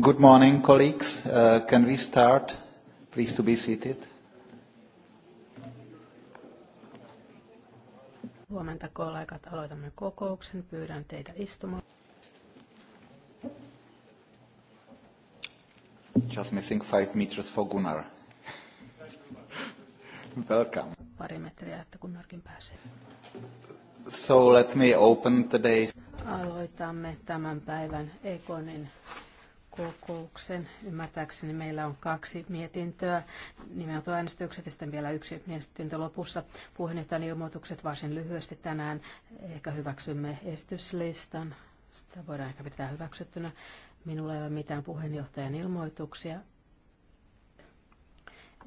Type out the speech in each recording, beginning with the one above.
Good morning, colleagues. Uh, can we start? Please to be seated. Huomenta kollegat, aloitamme kokouksen. Pyydän teitä istumaan. Just missing five meters for Gunnar. Welcome. Pari metriä, että Gunnarkin pääsee. So let me open today's. Aloitamme tämän päivän Ekonin kokouksen. Ymmärtääkseni meillä on kaksi mietintöä, nimenomaan äänestykset ja sitten vielä yksi mietintö lopussa. Puheenjohtajan ilmoitukset varsin lyhyesti tänään. Ehkä hyväksymme esityslistan. Sitä voidaan ehkä pitää hyväksyttynä. Minulla ei ole mitään puheenjohtajan ilmoituksia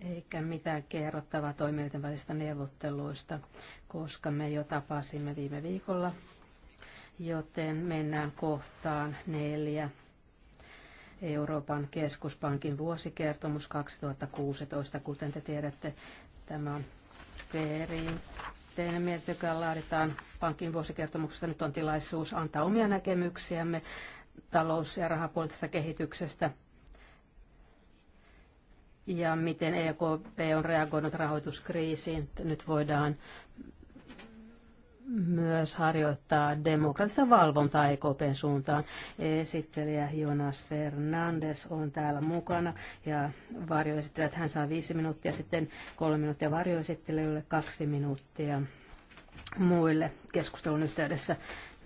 eikä mitään kerrottavaa toimijoiden välistä neuvotteluista, koska me jo tapasimme viime viikolla. Joten mennään kohtaan neljä. Euroopan keskuspankin vuosikertomus 2016. Kuten te tiedätte, tämä on perinteinen mietintö, joka laaditaan pankin vuosikertomuksesta. Nyt on tilaisuus antaa omia näkemyksiämme talous- ja rahapoliittisesta kehityksestä ja miten EKP on reagoinut rahoituskriisiin. Nyt voidaan myös harjoittaa demokratista valvontaa EKPn suuntaan. Esittelijä Jonas Fernandes on täällä mukana ja varjoesittelijät, hän saa viisi minuuttia, sitten kolme minuuttia varjoesittelijöille, kaksi minuuttia muille keskustelun yhteydessä.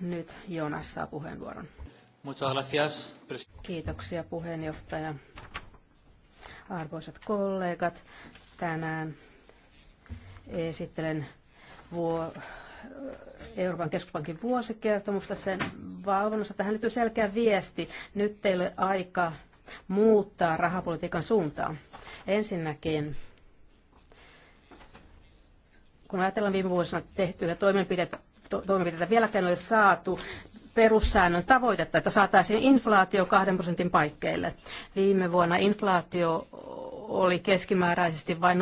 Nyt Jonas saa puheenvuoron. Kiitoksia puheenjohtaja. Arvoisat kollegat, tänään esittelen vuo- Euroopan keskuspankin vuosikertomusta sen valvonnassa. Tähän on selkeä viesti. Nyt teille aika muuttaa rahapolitiikan suuntaa. Ensinnäkin kun ajatellaan viime vuosina tehtyjä toimenpiteitä, to, toimenpiteitä vieläkään ei ole saatu perussäännön tavoitetta, että saataisiin inflaatio kahden prosentin paikkeille. Viime vuonna inflaatio oli keskimääräisesti vain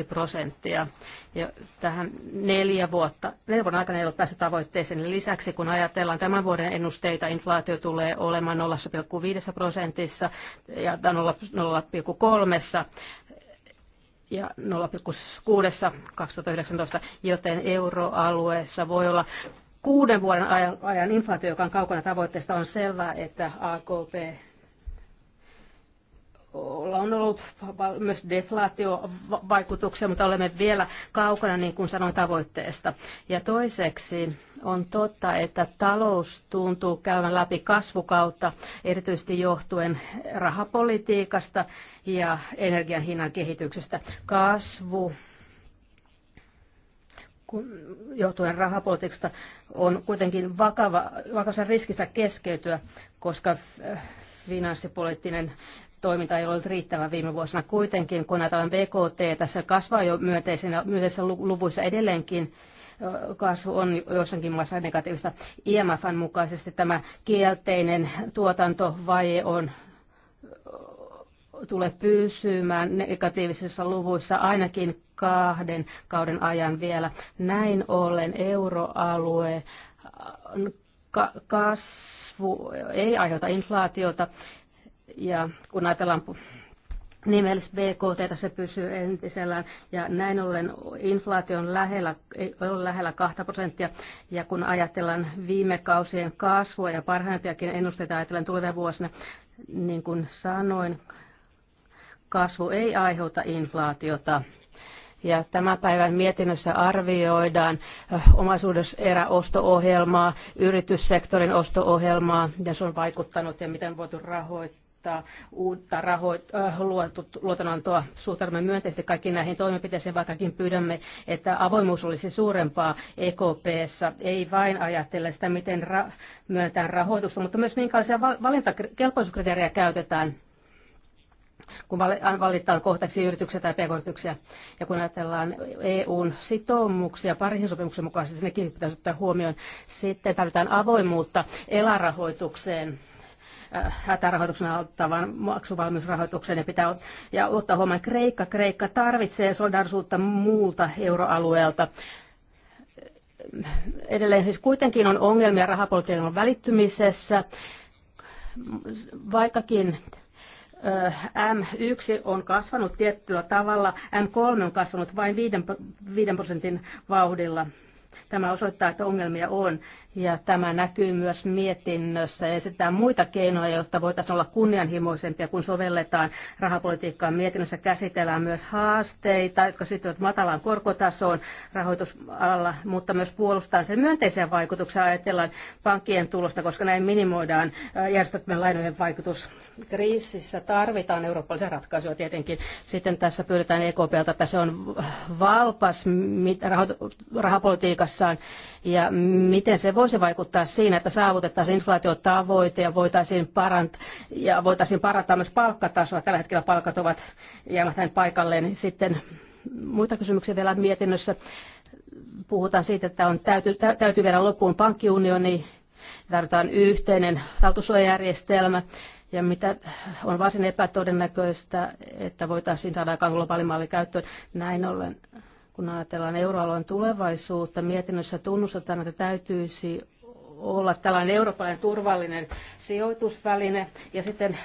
0,2 prosenttia. Ja tähän neljä vuotta, neljä vuoden aikana ei ole päässyt tavoitteeseen. Lisäksi kun ajatellaan tämän vuoden ennusteita, inflaatio tulee olemaan 0,5 prosentissa ja 0,3 ja 0,6 2019, joten euroalueessa voi olla kuuden vuoden ajan, ajan inflaatio, joka on kaukana tavoitteesta, on selvää, että AKP on ollut myös deflaatiovaikutuksia, mutta olemme vielä kaukana, niin kuin sanoin, tavoitteesta. Ja toiseksi on totta, että talous tuntuu käyvän läpi kasvukautta, erityisesti johtuen rahapolitiikasta ja energian hinnan kehityksestä. Kasvu johtuen rahapolitiikasta on kuitenkin vakava, vakavassa riskissä keskeytyä, koska finanssipoliittinen toiminta ei ollut riittävä viime vuosina. Kuitenkin, kun ajatellaan BKT, tässä kasvaa jo myönteisissä, myönteisissä luvuissa edelleenkin, kasvu on jossakin maassa negatiivista. IMFn mukaisesti tämä kielteinen tuotantovaje on tule pysymään negatiivisissa luvuissa ainakin kahden kauden ajan vielä. Näin ollen euroalue kasvu ei aiheuta inflaatiota ja kun ajatellaan nimellis BKT se pysyy entisellään ja näin ollen inflaatio on lähellä, on lähellä 2 prosenttia ja kun ajatellaan viime kausien kasvua ja parhaimpiakin ennusteita ajatellen tulevia vuosina, niin kuin sanoin, kasvu ei aiheuta inflaatiota. Ja tämän päivän mietinnössä arvioidaan omaisuudeseräosto-ohjelmaa, yrityssektorin osto-ohjelmaa, ja se on vaikuttanut ja miten voitu rahoittaa uutta rahoit- äh, luotut, luotonantoa suhtaudumme myönteisesti kaikkiin näihin toimenpiteisiin, vaikkakin pyydämme, että avoimuus olisi suurempaa EKPssä. Ei vain ajatella sitä, miten ra- myöntää rahoitusta, mutta myös minkälaisia val- valintakelpoisuuskriteerejä käytetään kun äh, valitaan kohtaksi yrityksiä tai pk-yrityksiä. Ja kun ajatellaan EUn sitoumuksia Pariisin sopimuksen mukaisesti, niin nekin pitäisi ottaa huomioon. Sitten tarvitaan avoimuutta elarahoitukseen äh, hätärahoituksena ottavan maksuvalmiusrahoituksen ja pitää ja ottaa huomioon Kreikka. Kreikka tarvitsee solidarisuutta muulta euroalueelta edelleen siis kuitenkin on ongelmia rahapolitiikan välittymisessä, vaikkakin M1 on kasvanut tiettyllä tavalla, M3 on kasvanut vain 5 prosentin vauhdilla. Tämä osoittaa, että ongelmia on. Ja tämä näkyy myös mietinnössä esitetään muita keinoja, jotta voitaisiin olla kunnianhimoisempia, kun sovelletaan rahapolitiikkaa. Mietinnössä käsitellään myös haasteita, jotka syttyvät matalaan korkotasoon rahoitusalalla, mutta myös puolustaan sen myönteisiä vaikutuksia ajatellaan pankkien tulosta, koska näin minimoidaan järjestelmän lainojen vaikutus. Kriisissä tarvitaan eurooppalaisia ratkaisuja tietenkin. Sitten tässä pyydetään EKPltä, että se on valpas rahapolitiikassaan ja miten se voi voisi vaikuttaa siinä, että saavutettaisiin inflaatiotavoite ja voitaisiin, parantaa, ja voitaisiin parantaa myös palkkatasoa. Tällä hetkellä palkat ovat jäämätään paikalleen. Niin sitten muita kysymyksiä vielä mietinnössä. Puhutaan siitä, että on täytyy, täytyy vielä loppuun pankkiunioni, tarvitaan yhteinen tautusuojajärjestelmä ja mitä on varsin epätodennäköistä, että voitaisiin saada aikaan globaali malli käyttöön. Näin ollen kun ajatellaan euroalueen tulevaisuutta, mietinnössä tunnustetaan, että täytyisi olla tällainen eurooppalainen turvallinen sijoitusväline ja sitten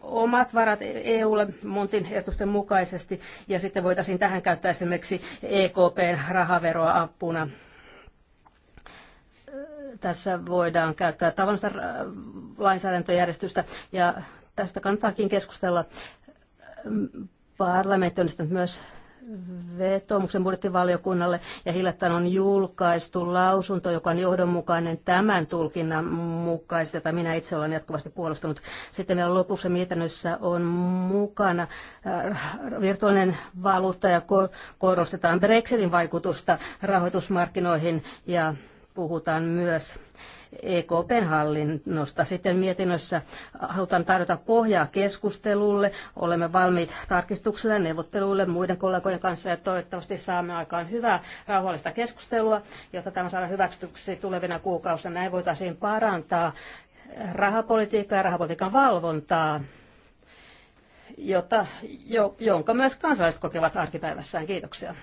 omat varat EUlle Montin ehdotusten mukaisesti ja sitten voitaisiin tähän käyttää esimerkiksi EKPn rahaveroa apuna. Tässä voidaan käyttää tavallista lainsäädäntöjärjestystä ja tästä kannattaakin keskustella parlamentti myös vetomuksen budjettivaliokunnalle ja hiljattain on julkaistu lausunto, joka on johdonmukainen tämän tulkinnan mukaisesti, jota minä itse olen jatkuvasti puolustanut. Sitten meillä lopuksi mietinnössä on mukana äh, virtuaalinen valuutta ja korostetaan Brexitin vaikutusta rahoitusmarkkinoihin ja puhutaan myös EKPn hallinnosta. Sitten mietinnössä halutaan tarjota pohjaa keskustelulle. Olemme valmiit tarkistuksille, neuvotteluille muiden kollegojen kanssa ja toivottavasti saamme aikaan hyvää rauhallista keskustelua, jotta tämä saadaan hyväksytyksi tulevina kuukausina. Näin voitaisiin parantaa rahapolitiikkaa ja rahapolitiikan valvontaa, jota, jo, jonka myös kansalaiset kokevat arkipäivässään. Kiitoksia.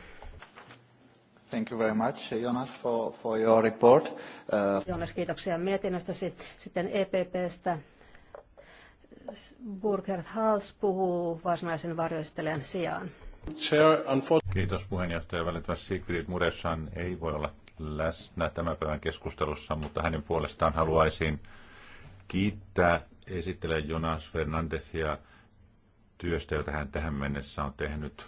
Thank you very much, Jonas, for, for your report. Uh... Jonas, kiitoksia mietinnöstäsi. Sitten EPPstä Burkhard Hals puhuu varsinaisen varjoistelijan sijaan. Kiitos puheenjohtaja. Välittävästi Sigrid Muressan ei voi olla läsnä tämän päivän keskustelussa, mutta hänen puolestaan haluaisin kiittää esittelijä Jonas Fernandezia työstä, jota hän tähän mennessä on tehnyt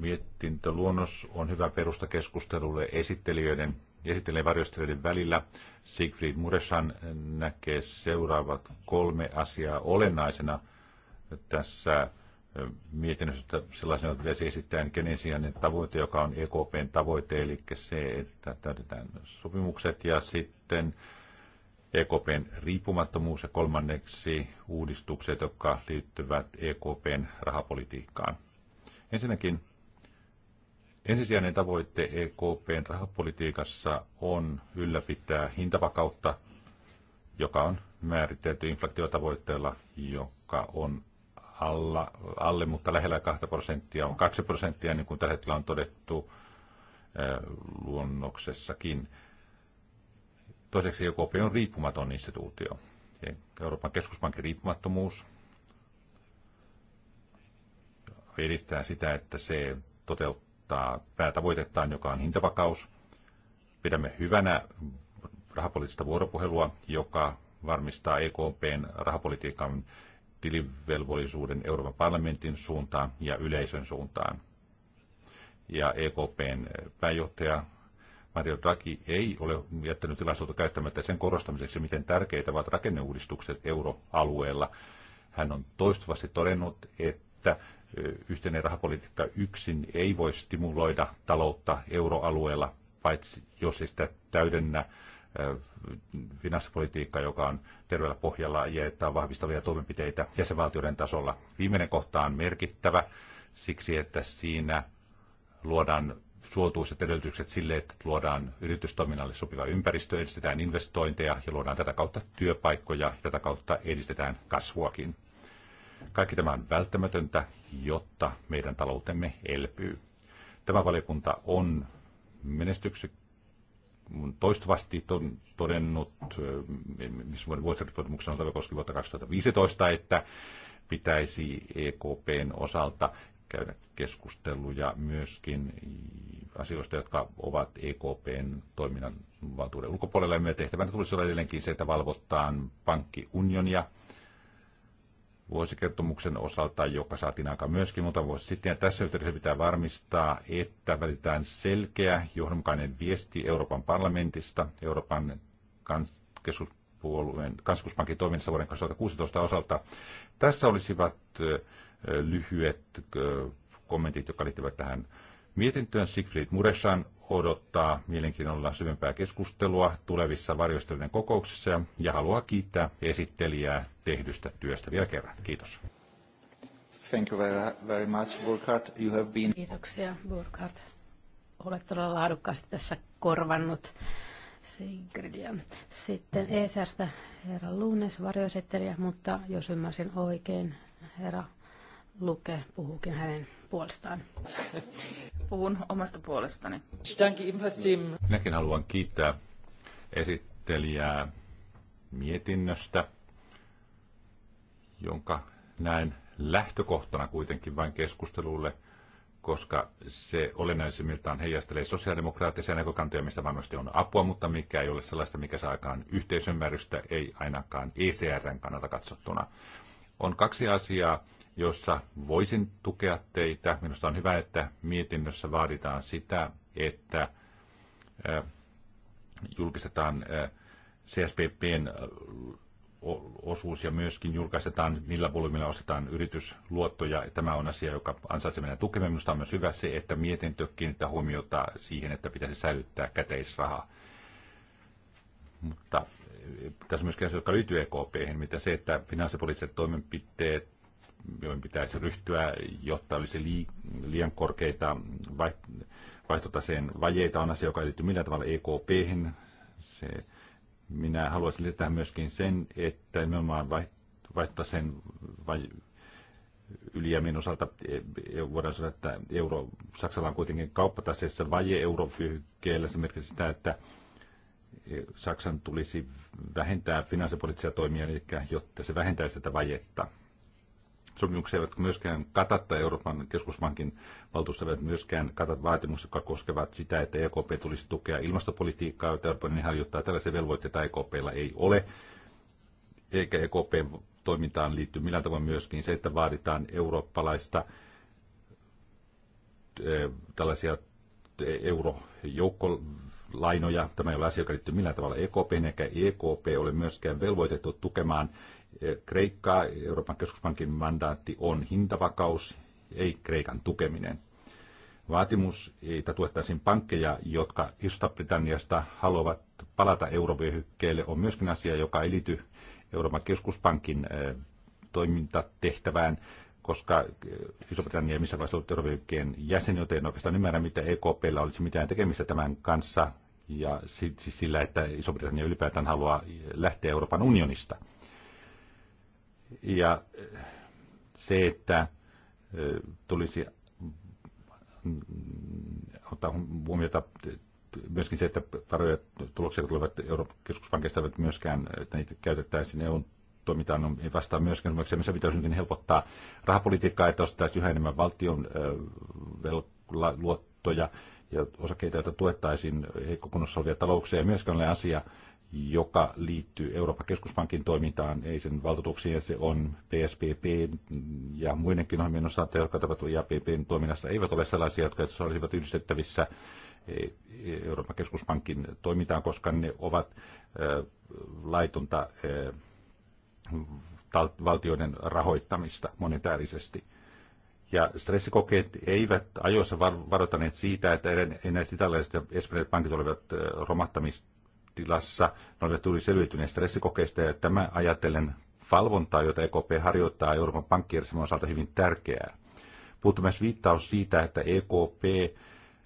Mietintöluonnos on hyvä perusta keskustelulle esittelijöiden esittelee varjostelijoiden välillä. Siegfried Muresan näkee seuraavat kolme asiaa olennaisena tässä mietinnössä sellaisena, että pitäisi esittää kenen sijainen tavoite, joka on EKPn tavoite, eli se, että täytetään sopimukset ja sitten EKPn riippumattomuus ja kolmanneksi uudistukset, jotka liittyvät EKPn rahapolitiikkaan. Ensinnäkin ensisijainen tavoitte EKPn rahapolitiikassa on ylläpitää hintavakautta, joka on määritelty inflaatiotavoitteella, joka on alla, alle, mutta lähellä 2 prosenttia on 2 prosenttia, niin kuin tällä hetkellä on todettu luonnoksessakin. Toiseksi EKP on riippumaton instituutio. Euroopan keskuspankin riippumattomuus edistää sitä, että se toteuttaa päätavoitettaan, joka on hintavakaus. Pidämme hyvänä rahapoliittista vuoropuhelua, joka varmistaa EKPn rahapolitiikan tilivelvollisuuden Euroopan parlamentin suuntaan ja yleisön suuntaan. Ja EKPn pääjohtaja Mario Draghi ei ole jättänyt tilaisuutta käyttämättä sen korostamiseksi, miten tärkeitä ovat rakenneuudistukset euroalueella. Hän on toistuvasti todennut, että yhteinen rahapolitiikka yksin ei voi stimuloida taloutta euroalueella, paitsi jos ei sitä täydennä finanssipolitiikka, joka on terveellä pohjalla ja että on vahvistavia toimenpiteitä jäsenvaltioiden tasolla. Viimeinen kohta on merkittävä siksi, että siinä luodaan suotuiset edellytykset sille, että luodaan yritystoiminnalle sopiva ympäristö, edistetään investointeja ja luodaan tätä kautta työpaikkoja, ja tätä kautta edistetään kasvuakin. Kaikki tämä on välttämätöntä, jotta meidän taloutemme elpyy. Tämä valiokunta on menestyksek toistuvasti todennut, eh, missä vuosikertomuksen osalta koski vuotta 2015, että pitäisi EKPn osalta käydä keskusteluja myöskin asioista, jotka ovat EKPn toiminnan valtuuden ulkopuolella. Ja meidän tehtävänä tulisi olla edelleenkin se, että valvottaan pankkiunionia – vuosikertomuksen osalta, joka saatiin aika myöskin muutama vuosi sitten. Ja tässä yhteydessä pitää varmistaa, että välitetään selkeä, johdonmukainen viesti Euroopan parlamentista, Euroopan kans- keskuspuolueen kansallispankin toiminnassa vuoden 2016 osalta. Tässä olisivat lyhyet kommentit, jotka liittyvät tähän Mietintöön Siegfried Muresan odottaa mielenkiinnolla syvempää keskustelua tulevissa varjostelujen kokouksissa ja haluaa kiittää esittelijää tehdystä työstä vielä kerran. Kiitos. Thank you very, very much, You have been... Kiitoksia, Burkhardt. Olet todella laadukkaasti tässä korvannut Sigridia. Sitten ESRstä herra Lunes, varjoesittelijä, mutta jos ymmärsin oikein, herra Luke puhuukin hänen puolestaan. Puhun omasta puolestani. Minäkin haluan kiittää esittelijää mietinnöstä, jonka näen lähtökohtana kuitenkin vain keskustelulle, koska se olennaisimmiltaan heijastelee sosiaalidemokraattisia näkökantoja, mistä varmasti on apua, mutta mikä ei ole sellaista, mikä saa aikaan yhteisymmärrystä, ei ainakaan ECRn kannalta katsottuna. On kaksi asiaa, jossa voisin tukea teitä. Minusta on hyvä, että mietinnössä vaaditaan sitä, että julkistetaan CSPPn osuus ja myöskin julkaistetaan, millä volyymilla ostetaan yritysluottoja. Tämä on asia, joka ansaitsee meidän tukemme. Minusta on myös hyvä se, että mietintö kiinnittää huomiota siihen, että pitäisi säilyttää käteisrahaa. Mutta tässä myöskin asia, joka liittyy EKP, mitä se, että finanssipoliittiset toimenpiteet joihin pitäisi ryhtyä, jotta olisi liian korkeita vaihtotaseen vajeita, on asia, joka liittyy millään tavalla ekp Se, minä haluaisin lisätä myöskin sen, että nimenomaan vaihtotaseen vai, ylijäämien osalta e-, e-, voidaan sanoa, että euro, Saksalla on kuitenkin kauppataseessa vaje eurofyhykkeellä. Se merkitsee sitä, että e-, Saksan tulisi vähentää finanssipoliittisia toimia, eli jotta se vähentäisi tätä vajetta sopimukset eivät myöskään kata, tai Euroopan keskuspankin valtuusta eivät myöskään kata vaatimukset, jotka koskevat sitä, että EKP tulisi tukea ilmastopolitiikkaa, jota Euroopan niin harjoittaa. Tällaisia velvoitteita EKPllä ei ole, eikä EKP toimintaan liittyy millään tavoin myöskin se, että vaaditaan eurooppalaista tällaisia eurojoukkolainoja. Tämä ei ole asia, joka liittyy millään tavalla EKP, eikä EKP ole myöskään velvoitettu tukemaan Kreikkaa. Euroopan keskuspankin mandaatti on hintavakaus, ei Kreikan tukeminen. Vaatimus, että tuettaisiin pankkeja, jotka isosta britanniasta haluavat palata eurovyöhykkeelle, on myöskin asia, joka ei liity Euroopan keskuspankin toimintatehtävään, koska Iso-Britannia ei missään vaiheessa ollut jäsen, joten oikeastaan ymmärrä, mitä EKPllä olisi mitään tekemistä tämän kanssa ja siis sillä, että Iso-Britannia ylipäätään haluaa lähteä Euroopan unionista. Ja eh, se, että eh, tulisi mm, ottaa huomiota eh, myöskin se, että varoja tuloksia tulevat Euroopan keskuspankista eivät myöskään, että niitä käytettäisiin EUn toimintaan no, ei vastaa myöskään. Esimerkiksi se pitäisi niin helpottaa rahapolitiikkaa, että ostettaisiin yhä enemmän valtion luottoja ja osakeita, joita tuettaisiin heikkokunnossa olevia talouksia. Ja myöskään ole asia, joka liittyy Euroopan keskuspankin toimintaan, ei sen valtuutuksiin, se on PSPP ja muidenkin ohjelmien osalta, jotka tapahtuvat e IAPPn toiminnasta, eivät ole sellaisia, jotka olisivat yhdistettävissä e, e, Euroopan keskuspankin toimintaan, koska ne ovat laitonta valtioiden rahoittamista monetäärisesti. Ja stressikokeet eivät ajoissa varoittaneet siitä, että enää italialaiset ja espanjalaiset pankit olivat romahtamista tilassa noille tuli selviytyneen stressikokeista, ja tämä ajatellen valvontaa, jota EKP harjoittaa Euroopan pankkijärjestelmän osalta hyvin tärkeää. Puuttuu myös viittaus siitä, että EKP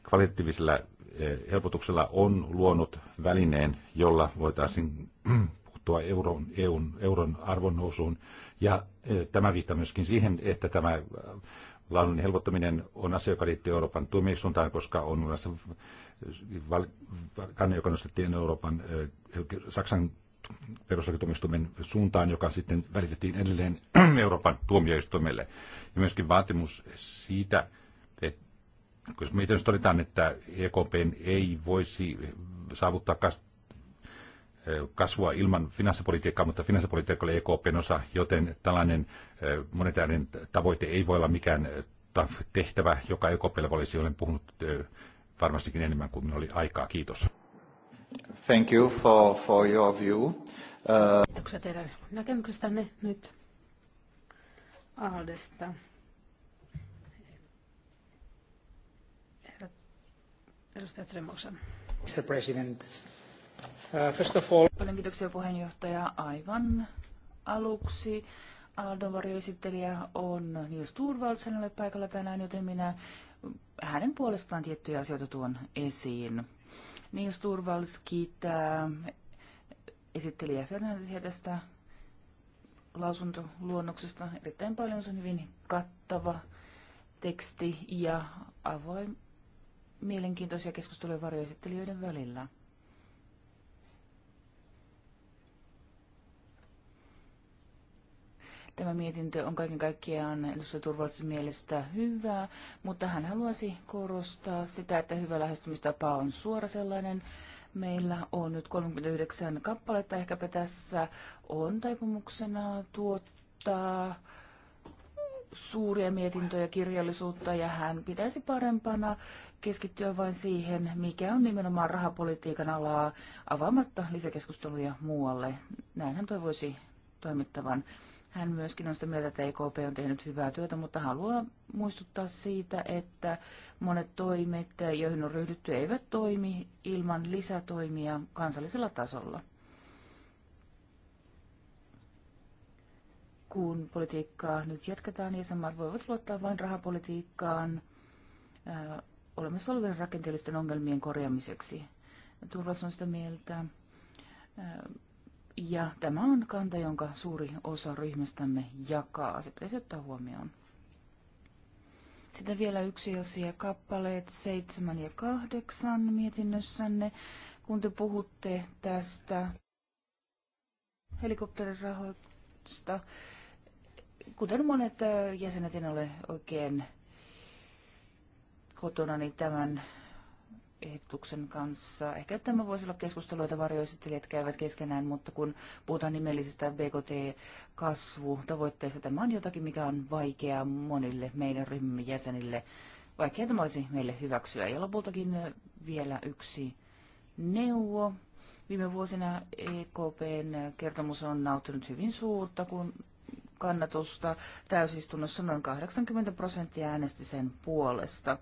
kvalitatiivisella eh, helpotuksella on luonut välineen, jolla voitaisiin puuttua euron, EUn, euron nousuun. Ja eh, tämä viittaa myöskin siihen, että tämä eh, lainan helpottaminen on asia, joka liittyy Euroopan tuomioistuntaan, koska on olemassa kanne, joka nostettiin Euroopan, Saksan perustuslakituomioistuimen suuntaan, joka sitten välitettiin edelleen Euroopan tuomioistuimelle. Ja myöskin vaatimus siitä, että kun miten todetaan, että EKP ei voisi saavuttaa kasvua ilman finanssipolitiikkaa, mutta finanssipolitiikka oli EKPn osa, joten tällainen monetäärinen tavoite ei voi olla mikään tehtävä, joka EKPlle olisi, olen puhunut varmastikin enemmän kuin minulla oli aikaa. Kiitos. Thank you for, for your view. Uh... Kiitoksia teidän näkemyksestänne nyt aldesta Edustaja Tremosa. Mr. President. Uh, first of all... Paljon kiitoksia puheenjohtaja. Aivan aluksi Aldon varjoesittelijä on Nils Turvaltsen paikalla tänään, joten minä hänen puolestaan tiettyjä asioita tuon esiin. Niils Turvals kiittää esittelijä Fernandesia lausuntoluonnoksesta erittäin paljon. Se on hyvin kattava teksti ja avoin mielenkiintoisia keskusteluja varjoesittelijöiden välillä. Tämä mietintö on kaiken kaikkiaan edustaja turvallisuus mielestä hyvä, mutta hän haluaisi korostaa sitä, että hyvä lähestymistapa on suora sellainen. Meillä on nyt 39 kappaletta, ehkäpä tässä on taipumuksena tuottaa suuria mietintöjä kirjallisuutta ja hän pitäisi parempana keskittyä vain siihen, mikä on nimenomaan rahapolitiikan alaa avaamatta lisäkeskusteluja muualle. Näin hän toivoisi toimittavan. Hän myöskin on sitä mieltä, että EKP on tehnyt hyvää työtä, mutta haluaa muistuttaa siitä, että monet toimet, joihin on ryhdytty, eivät toimi ilman lisätoimia kansallisella tasolla. Kun politiikkaa nyt jatketaan, jäsenmaat voivat luottaa vain rahapolitiikkaan ö, äh, olemassa olevien rakenteellisten ongelmien korjaamiseksi. Turvallisuus on sitä mieltä, äh, ja tämä on kanta, jonka suuri osa ryhmästämme jakaa. Se pitäisi ottaa huomioon. Sitten vielä yksi asia, kappaleet 7 ja 8 mietinnössänne, kun te puhutte tästä rahoista. Kuten monet äh, jäsenet en ole oikein kotona, niin tämän ehdotuksen kanssa. Ehkä tämä voisi olla keskustelu, jota varjoesittelijät käyvät keskenään, mutta kun puhutaan nimellisestä BKT-kasvutavoitteesta, tämä on jotakin, mikä on vaikeaa monille meidän ryhmämme jäsenille. Vaikea tämä olisi meille hyväksyä. Ja lopultakin eh, vielä yksi neuvo. Viime vuosina EKPn kertomus on nauttinut hyvin suurta kun kannatusta. Täysistunnossa noin 80 prosenttia äänesti sen puolesta.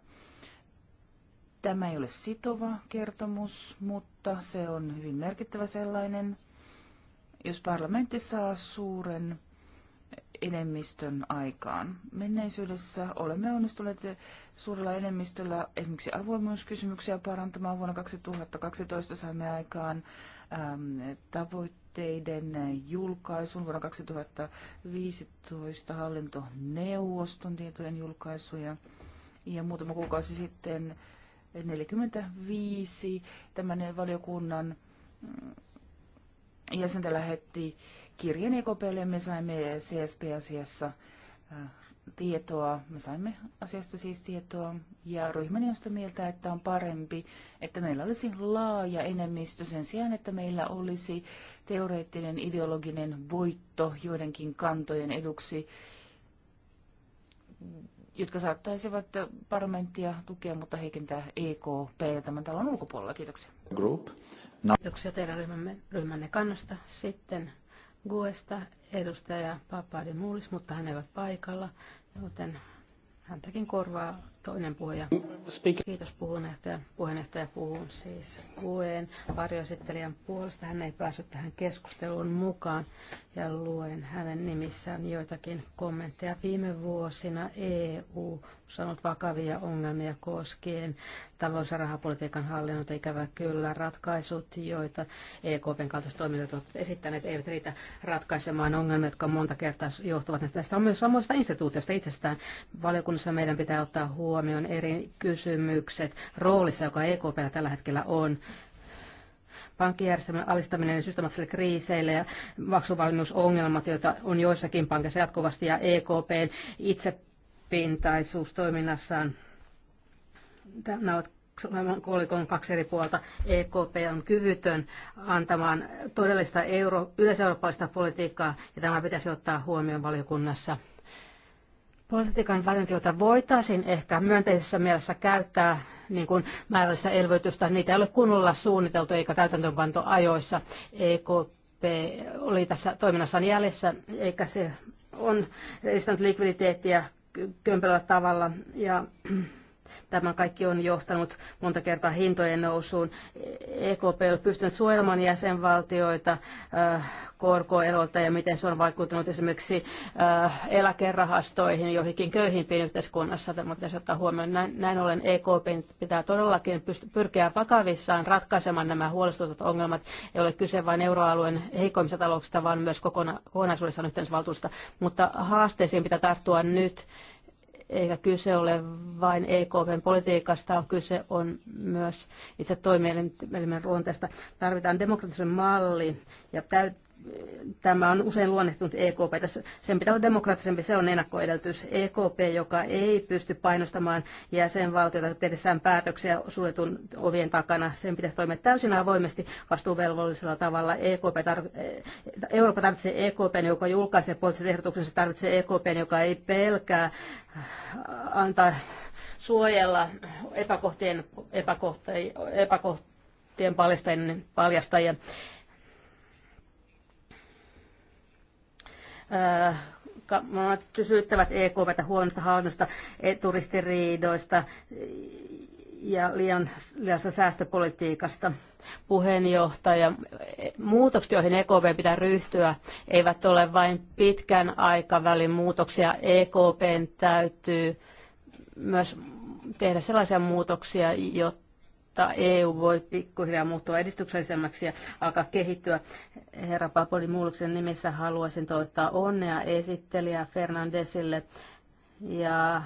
Tämä ei ole sitova kertomus, mutta se on hyvin merkittävä sellainen. Jos parlamentti saa suuren enemmistön aikaan. Menneisyydessä olemme onnistuneet suurella enemmistöllä esimerkiksi avoimuuskysymyksiä parantamaan. Vuonna 2012 saimme aikaan äm, tavoitteiden julkaisun. Vuonna 2015 hallintoneuvoston tietojen julkaisuja. Ja muutama kuukausi sitten äh, 45 tämän valiokunnan mm, jäsentä lähetti kirjeen EKPlle ja me saimme CSP-asiassa tietoa. Me saimme asiasta siis tietoa ja ryhmäni on sitä mieltä, että on parempi, että meillä olisi laaja enemmistö sen sijaan, että meillä olisi teoreettinen ideologinen voitto joidenkin kantojen eduksi jotka saattaisivat parlamenttia tukea, mutta heikentää EKP tämän talon ulkopuolella. Kiitoksia. Group. No. Kiitoksia teidän ryhmänne, ryhmänne kannasta. Sitten Guesta edustaja Papadi Muulis, mutta hän ei ole paikalla, joten häntäkin korvaa Toinen puhuja. Speak. Kiitos puheenjohtaja. Puheenjohtaja puhuu siis Kuen varjoesittelijän puolesta. Hän ei päässyt tähän keskusteluun mukaan ja luen hänen nimissään joitakin kommentteja. Viime vuosina EU on saanut vakavia ongelmia koskien talous- ja rahapolitiikan hallinnot. Ikävä kyllä ratkaisut, joita EKPn kaltaiset toimijat ovat esittäneet, eivät riitä ratkaisemaan ongelmia, jotka monta kertaa johtuvat näistä samoista instituutioista itsestään. Valiokunnassa meidän pitää ottaa huomioon huomioon eri kysymykset roolissa, joka EKP tällä hetkellä on pankkijärjestelmän alistaminen systemaattisille kriiseille ja maksuvalmiusongelmat, joita on joissakin pankissa jatkuvasti, ja EKPn itsepintaisuus toiminnassaan. Nämä ovat kolikon kaksi eri puolta. EKP on kyvytön antamaan todellista euro, yleiseurooppalaista politiikkaa, ja tämä pitäisi ottaa huomioon valiokunnassa. Politiikan välineitä, joita voitaisiin ehkä myönteisessä mielessä käyttää niin kuin määrällistä elvytystä, niitä ei ole kunnolla suunniteltu eikä täytäntöönpanto ajoissa. EKP oli tässä toiminnassaan jäljessä, eikä se on estänyt likviditeettiä kömpelöllä tavalla. Ja Tämä kaikki on johtanut monta kertaa hintojen nousuun. EKP on pystynyt suojelemaan jäsenvaltioita äh, korkoerolta ja miten se on vaikuttanut esimerkiksi äh, eläkerahastoihin joihinkin köyhimpiin yhteiskunnassa. Tämä pitäisi ottaa huomioon. Näin, näin ollen EKP pitää todellakin pyrkiä vakavissaan ratkaisemaan nämä huolestuttavat ongelmat. Ei ole kyse vain euroalueen heikoimmista talouksista, vaan myös kokonaisuudessaan yhteisvaltuudesta. Mutta haasteisiin pitää tarttua nyt eikä kyse ole vain EKPn politiikasta, kyse on myös itse toimielimen luonteesta. Tarvitaan demokraattisen malli ja täyt- tämä on usein luonnehtunut EKP. Tässä sen pitää olla demokraattisempi, se on ennakkoedellytys. EKP, joka ei pysty painostamaan jäsenvaltiota tehdessään päätöksiä suljetun ovien takana, sen pitäisi toimia täysin avoimesti vastuuvelvollisella tavalla. EKP tar- e- Eurooppa tarvitsee EKP, joka julkaisee poliittiset ehdotuksensa, tarvitsee EKP, joka ei pelkää äh, antaa suojella epäkohtien, epäkohtien, epäkohtien paljastajien, paljastajia Äh, syyttävät EKVtä huonosta hallinnosta, e, turistiriidoista ja liian, liian säästöpolitiikasta. Puheenjohtaja, e, muutokset, joihin EKP pitää ryhtyä, eivät ole vain pitkän aikavälin muutoksia. EKP täytyy myös tehdä sellaisia muutoksia, jotta jotta EU voi pikkuhiljaa muuttua edistyksellisemmäksi ja alkaa kehittyä. Herra Papoli Muuluksen nimissä haluaisin toivottaa onnea esittelijä Fernandesille ja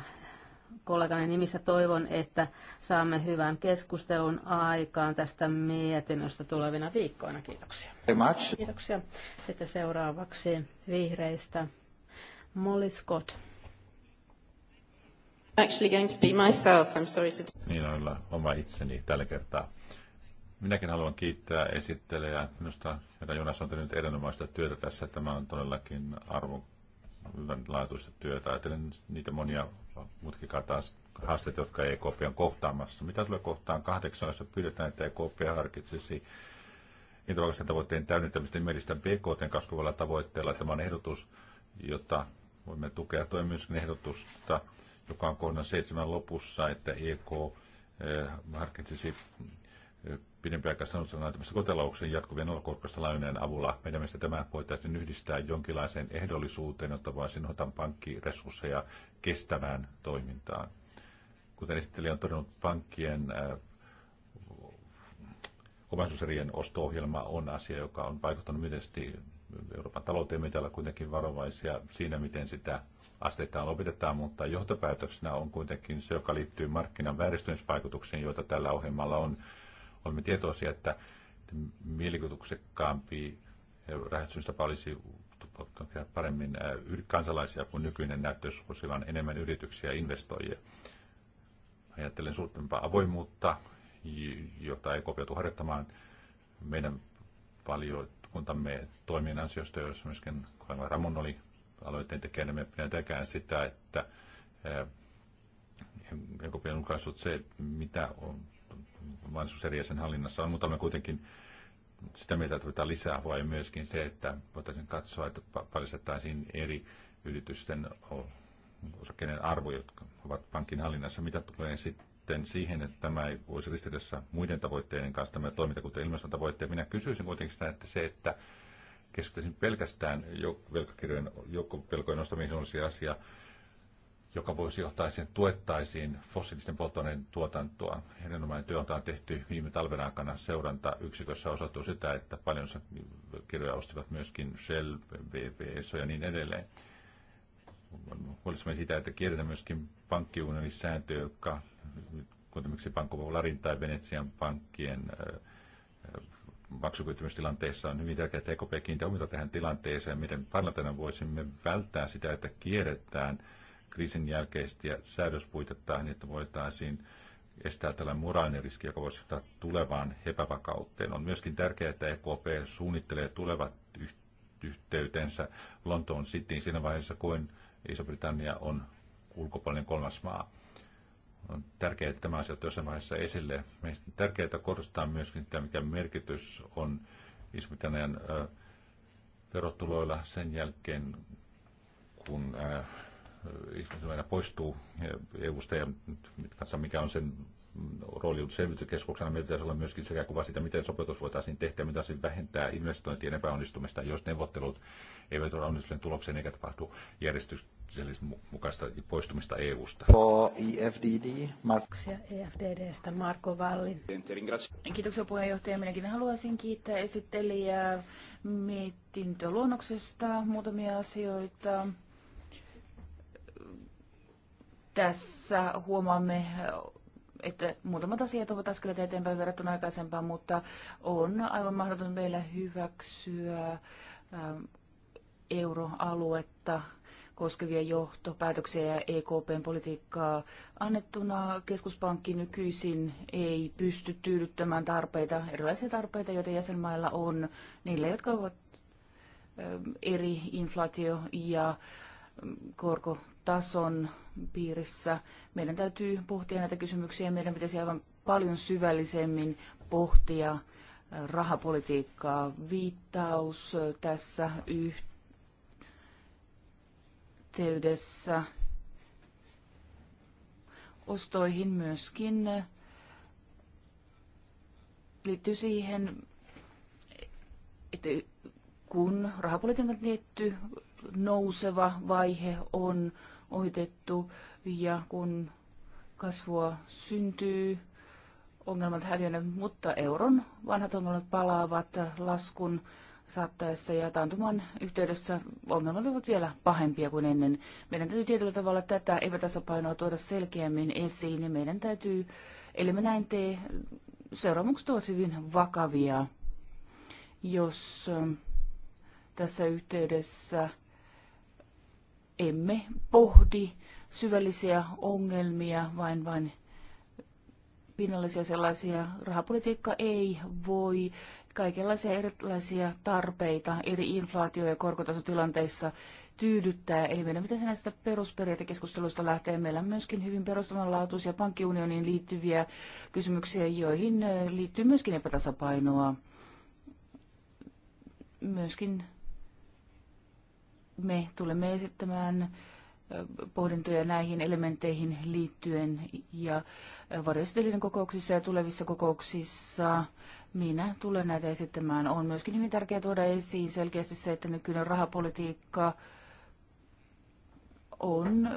kollegani nimissä toivon, että saamme hyvän keskustelun aikaan tästä mietinnöstä tulevina viikkoina. Kiitoksia. Kiitoksia. Sitten seuraavaksi vihreistä Molly Scott. Actually going to be myself. I'm sorry to... Niin on oma itseni tällä kertaa. Minäkin haluan kiittää esittelejä. Minusta herra Jonas on tehnyt erinomaista työtä tässä. Tämä on todellakin arvo työtä. Ajattelen niitä monia taas haasteita, jotka EKP on kohtaamassa. Mitä tulee kohtaan kahdeksan, jossa pyydetään, että EKP harkitsisi intervallisen tavoitteen täydentämistä nimellistä BKT kasvavalla tavoitteella. Tämä on ehdotus, jota voimme tukea. toimimisen ehdotusta joka on kohdan seitsemän lopussa, että EK eh, harkitsisi eh, pidempiaikaisen antamista kotelauksen jatkuvien olokorkoista lainojen avulla. Meidän mielestä tämä voitaisiin yhdistää jonkinlaiseen ehdollisuuteen, jotta voisin nohdan pankkiresursseja kestävään toimintaan. Kuten esittelijä on todennut, pankkien eh, omaisuuserien osto-ohjelma on asia, joka on vaikuttanut myöskin. Euroopan talouteen meitä olla kuitenkin varovaisia siinä, miten sitä asteittain lopetetaan, mutta johtopäätöksenä on kuitenkin se, joka liittyy markkinan vääristymisvaikutuksiin, joita tällä ohjelmalla on. Olemme tietoisia, että mielikuvituksekkaampi räjähdystapa olisi paremmin äh, kansalaisia kuin nykyinen näyttäisi, kun sillä on enemmän yrityksiä ja investoijia. Ajattelen suurempaa avoimuutta, jota ei kopioitu harjoittamaan. Meidän paljon valiokuntamme toimien ansiosta, jos myöskin Koema Ramon oli aloitteen tekijänä, me pidetäänkään sitä, että eh, joko pieni ulkaisut se, mitä on sen hallinnassa on, mutta me kuitenkin sitä mieltä, tarvitaan lisää voi myöskin se, että voitaisiin katsoa, että paljastettaisiin eri yritysten osakkeiden arvo, jotka ovat pankin hallinnassa, mitä tulee sitten sitten siihen, että tämä ei olisi ristiriidassa muiden tavoitteiden kanssa, tämä toiminta, kuten tavoitteet. Minä kysyisin kuitenkin sitä, että se, että keskittyisin pelkästään velkakirjojen, joukkovelkojen nostamiseen olisi asia, joka voisi johtaa siihen, tuettaisiin fossiilisten polttoaineiden tuotantoa. Erinomainen työ on tehty viime talven aikana yksikössä osoittuu sitä, että paljon kirjoja ostivat myöskin Shell, VPS ja niin edelleen. Huolissamme siitä, että kierretään myöskin pankkiunionin sääntöjä, jotka kuten miksi Pankko Larin tai Venetsian pankkien maksukyvyttömyystilanteissa on hyvin tärkeää, että EKP kiinnittää huomiota tähän tilanteeseen, miten parlamentana voisimme välttää sitä, että kierretään kriisin jälkeistä ja säädöspuitetta, niin että voitaisiin estää tällainen moraalinen riski, joka voisi johtaa tulevaan epävakauteen. On myöskin tärkeää, että EKP suunnittelee tulevat yhteytensä Lontoon Cityin siinä vaiheessa, kuin Iso-Britannia on ulkopuolinen kolmas maa. On tärkeää, että tämä asia on jossain vaiheessa esille. Meistä on tärkeää korostaa myöskin sitä, mikä merkitys on Iso-Britannian verotuloilla sen jälkeen, kun iso poistuu EU-sta ja e mikä on sen rooli selvityskeskuksena meillä pitäisi olla myöskin sekä kuva siitä, miten sopeutus voitaisiin tehdä ja miten vähentää investointien epäonnistumista, jos neuvottelut eivät ole onnistuneet, tulokseen eikä tapahdu järjestyksellisen mukaista poistumista EU-sta. EFDD, Marksia EFDDstä Marko Valli. Kiitoksia puheenjohtaja. Minäkin haluaisin kiittää esittelijää mietintöluonnoksesta muutamia asioita tässä huomaamme että muutamat asiat ovat askeleet eteenpäin verrattuna aikaisempaan, mutta on aivan mahdoton meillä hyväksyä ähm, euroaluetta koskevia johtopäätöksiä ja EKPn politiikkaa annettuna. Keskuspankki nykyisin ei pysty tyydyttämään tarpeita, erilaisia tarpeita, joita jäsenmailla on, niille, jotka ovat ähm, eri inflaatio- ja ähm, korko tason piirissä. Meidän täytyy pohtia näitä kysymyksiä ja meidän pitäisi aivan paljon syvällisemmin pohtia äh, rahapolitiikkaa. Viittaus äh, tässä yhteydessä ostoihin myöskin äh, liittyy siihen, että kun rahapolitiikan tietty nouseva vaihe on ohitettu ja kun kasvua syntyy, ongelmat häviävät, mutta euron vanhat ongelmat palaavat laskun saattaessa ja taantuman yhteydessä ongelmat ovat vielä pahempia kuin ennen. Meidän täytyy tietyllä tavalla tätä epätasapainoa tuoda selkeämmin esiin ja meidän täytyy, eli me näin tee, seuraamukset ovat hyvin vakavia, jos tässä yhteydessä emme pohdi syvällisiä ongelmia, vain vain pinnallisia sellaisia. Rahapolitiikka ei voi kaikenlaisia erilaisia tarpeita eri inflaatio- ja korkotasotilanteissa tyydyttää. Eli meidän pitäisi näistä perusperiaatekeskusteluista lähteä. Meillä on myöskin hyvin perustavanlaatuisia pankkiunioniin liittyviä kysymyksiä, joihin eh, liittyy myöskin epätasapainoa. Myöskin me tulemme esittämään pohdintoja näihin elementteihin liittyen ja varjostelijan kokouksissa ja tulevissa kokouksissa minä tulen näitä esittämään. On myöskin hyvin tärkeää tuoda esiin selkeästi se, että nykyinen rahapolitiikka on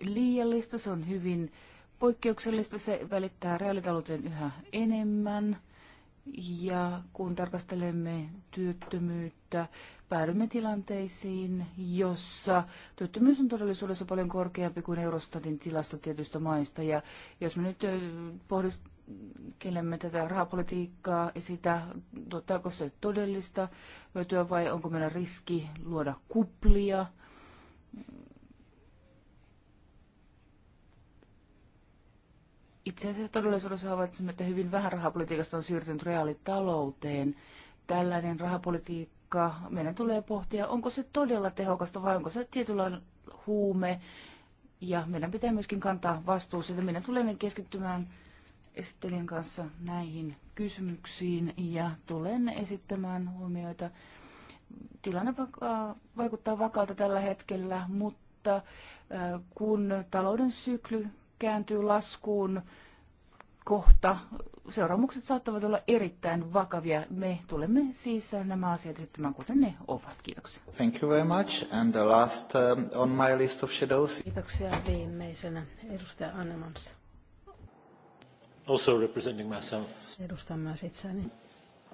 liiallista, se on hyvin poikkeuksellista, se välittää reaalitalouteen yhä enemmän – ja kun tarkastelemme työttömyyttä, päädymme tilanteisiin, jossa työttömyys on todellisuudessa paljon korkeampi kuin Eurostatin tilasto tietyistä maista. Ja jos me nyt pohdiskelemme tätä rahapolitiikkaa ja sitä, tuottaako se todellista hyötyä vai onko meillä riski luoda kuplia, Itse asiassa todellisuudessa havaitsemme, että hyvin vähän rahapolitiikasta on siirtynyt reaalitalouteen. Tällainen rahapolitiikka, meidän tulee pohtia, onko se todella tehokasta vai onko se tietynlainen huume. Ja meidän pitää myöskin kantaa vastuu siitä. Meidän tulee keskittymään esittelijän kanssa näihin kysymyksiin ja tulen esittämään huomioita. Tilanne vaikuttaa vakaalta tällä hetkellä, mutta äh, kun talouden sykli kääntyy laskuun kohta, seuraamukset saattavat olla erittäin vakavia. Me tulemme siis nämä asiat esittämään, kuten ne ovat. Kiitoksia. Thank you very much. And the last um, on my list of shadows. Kiitoksia viimeisenä. Edustaja Annemans. Also representing myself. Edustan myös itseäni.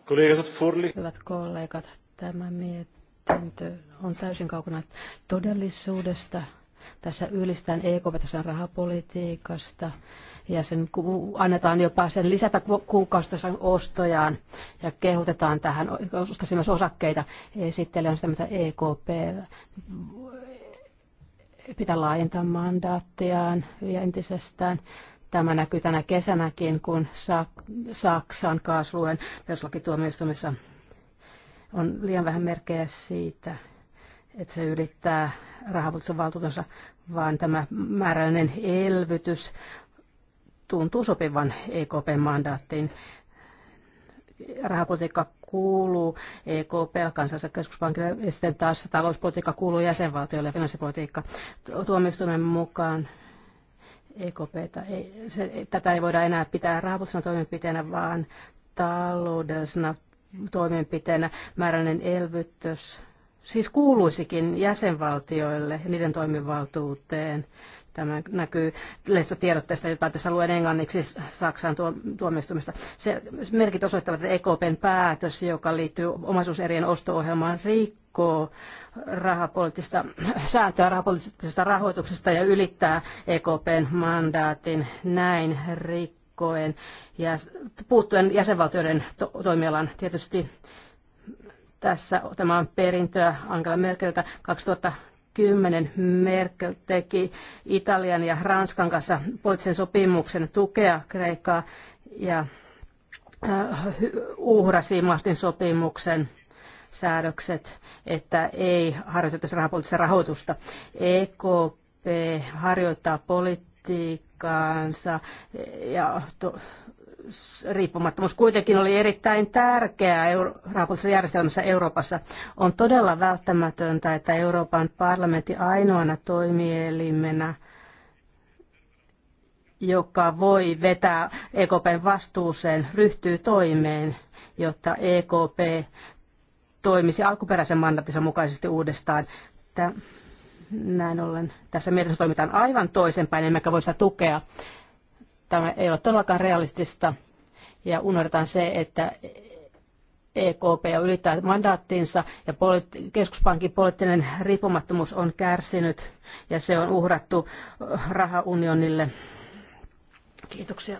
Kollegat Furli. Hyvät kollegat, tämä mietintö on täysin kaukana todellisuudesta tässä yhdistetään EKP rahapolitiikasta ja sen annetaan jopa sen lisätä kuukausitason ostojaan ja kehotetaan tähän, ostaisi myös osakkeita. Esittelijä on sitä, mitä EKP pitää laajentaa mandaattiaan ja entisestään. Tämä näkyy tänä kesänäkin, kun Saksan kaasluen perustuslakituomioistuimessa on liian vähän merkkejä siitä, että se yrittää rahapuolisen valtuutensa, vaan tämä määräinen elvytys tuntuu sopivan EKP-mandaattiin. Rahapolitiikka kuuluu EKP kansalliselle keskuspankille ja sitten taas talouspolitiikka kuuluu jäsenvaltioille ja finanssipolitiikka tuomioistuimen mukaan. EKPtä, ei, se, tätä ei voida enää pitää rahapoliittisena toimenpiteenä, vaan taloudellisena toimenpiteenä määräinen elvytys siis kuuluisikin jäsenvaltioille ja niiden toimivaltuuteen. Tämä näkyy lehdistötiedotteesta, jota tässä luen englanniksi Saksan tuomioistumista. Se merkit osoittavat, että EKPn päätös, joka liittyy omaisuuserien osto-ohjelmaan, rikkoo rahapoliittista sääntöä rahapoliittisesta rahoituksesta ja ylittää EKPn mandaatin näin rikkoen ja puuttuen jäsenvaltioiden to- toimialan tietysti tässä tämä on perintöä Angela Merkeliltä 2000 2010 Merkel teki Italian ja Ranskan kanssa poliittisen sopimuksen tukea Kreikkaa ja äh, uhrasi Mastin sopimuksen säädökset, että ei harjoitettaisi rahapoliittista rahoitusta. EKP harjoittaa politiikkaansa ja to, riippumattomuus kuitenkin oli erittäin tärkeää rahapoliittisessa järjestelmässä Euroopassa. On todella välttämätöntä, että Euroopan parlamentti ainoana toimielimenä joka voi vetää EKPn vastuuseen, ryhtyy toimeen, jotta EKP toimisi alkuperäisen mandatinsa mukaisesti uudestaan. Tämä, näin ollen tässä mielessä toimitaan aivan toisenpäin, emmekä voi sitä tukea. Tämä ei ole todellakaan realistista ja unohdetaan se, että EKP ylittää mandaattinsa ja keskuspankin poliittinen riippumattomuus on kärsinyt ja se on uhrattu äh, rahaunionille. Kiitoksia.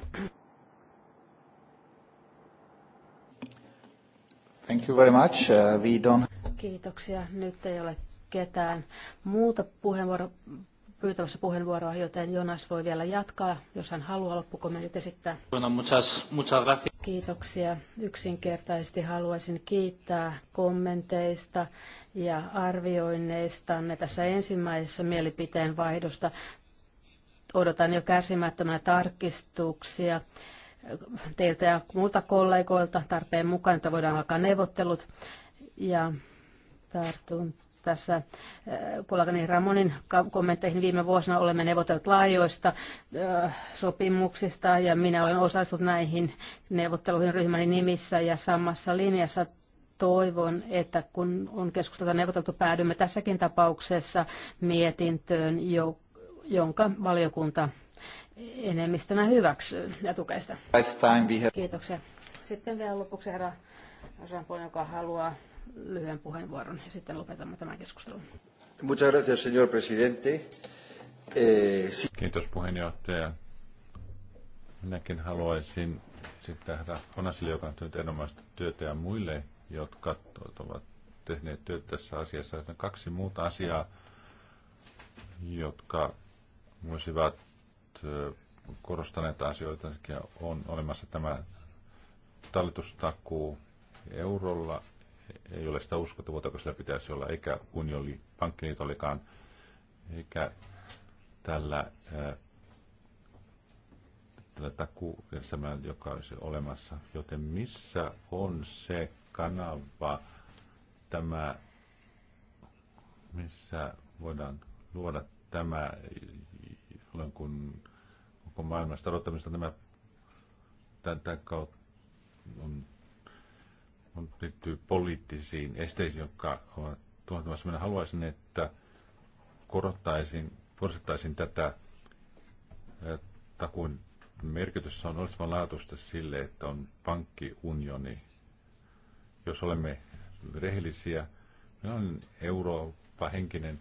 Thank you very much. Uh, we don't... Kiitoksia. Nyt ei ole ketään muuta puheenvuoroa pyytämässä puheenvuoroa, joten Jonas voi vielä jatkaa, jos hän haluaa loppukommentit esittää. Bueno, muchas, muchas gracias. Kiitoksia. Yksinkertaisesti haluaisin kiittää kommenteista ja arvioinneistanne tässä ensimmäisessä mielipiteen vaihdosta. Odotan jo käsimättömänä tarkistuksia teiltä ja muilta kollegoilta tarpeen mukaan, että voidaan alkaa neuvottelut. Ja tartun tässä äh, kollegani Ramonin kommentteihin viime vuosina olemme neuvotelleet laajoista äh, sopimuksista ja minä olen osallistunut näihin neuvotteluihin ryhmäni nimissä ja samassa linjassa toivon, että kun on keskusteltu neuvoteltu, päädymme tässäkin tapauksessa mietintöön, jo, jonka valiokunta enemmistönä hyväksyy ja tukee sitä. Kiitoksia. Sitten vielä lopuksi herra Rampon, joka haluaa lyhyen puheenvuoron ja sitten lopetamme tämän keskustelun. Muchas gracias, señor presidente. Eh, Kiitos puheenjohtaja. Minäkin haluaisin sitten herra Onasille, joka on tehnyt erinomaista työtä ja muille, jotka ovat tehneet työtä tässä asiassa. On kaksi muuta asiaa, jotka voisivat korostaneet asioita. On olemassa tämä talletustakuu eurolla ei ole sitä uskottavuutta, joka sillä pitäisi olla, eikä unioni, pankkiliitollikaan, eikä tällä, ää, tällä takuujärjestelmällä, joka olisi olemassa. Joten missä on se kanava, tämä, missä voidaan luoda tämä, jolloin kun koko maailmasta odottamista tämä tämän kautta on liittyy poliittisiin esteisiin, jotka ovat tuottamassa. Minä haluaisin, että korottaisin, korottaisin tätä takuun merkitys on olevan laatusta sille, että on pankkiunioni. Jos olemme rehellisiä, minä olen Eurooppa-henkinen,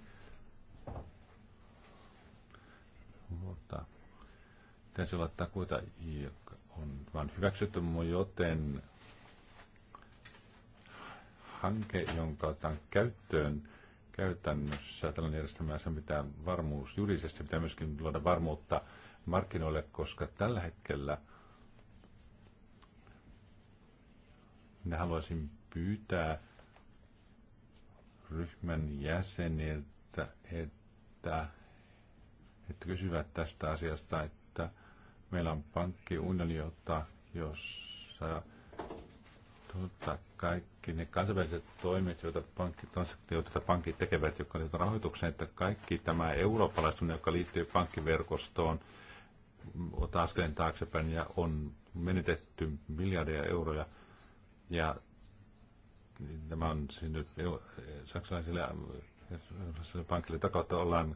mutta pitäisi olla takuita, jotka on vain hyväksytty, joten hanke, jonka otan käyttöön käytännössä. Tällainen järjestelmä se mitä varmuus juridisesti, pitää myöskin luoda varmuutta markkinoille, koska tällä hetkellä minä haluaisin pyytää ryhmän jäseniltä, että, että kysyvät tästä asiasta, että meillä on pankkiunioni, jossa tuota, kaikki ne kansainväliset toimet, joita pankit, joita pankit tekevät, jotka liittyvät rahoitukseen, että kaikki tämä eurooppalaistuminen, joka liittyy pankkiverkostoon, ottaa askeleen taaksepäin ja on menetetty miljardeja euroja. Ja tämä on siis nyt saksalaisille pankille takautta ollaan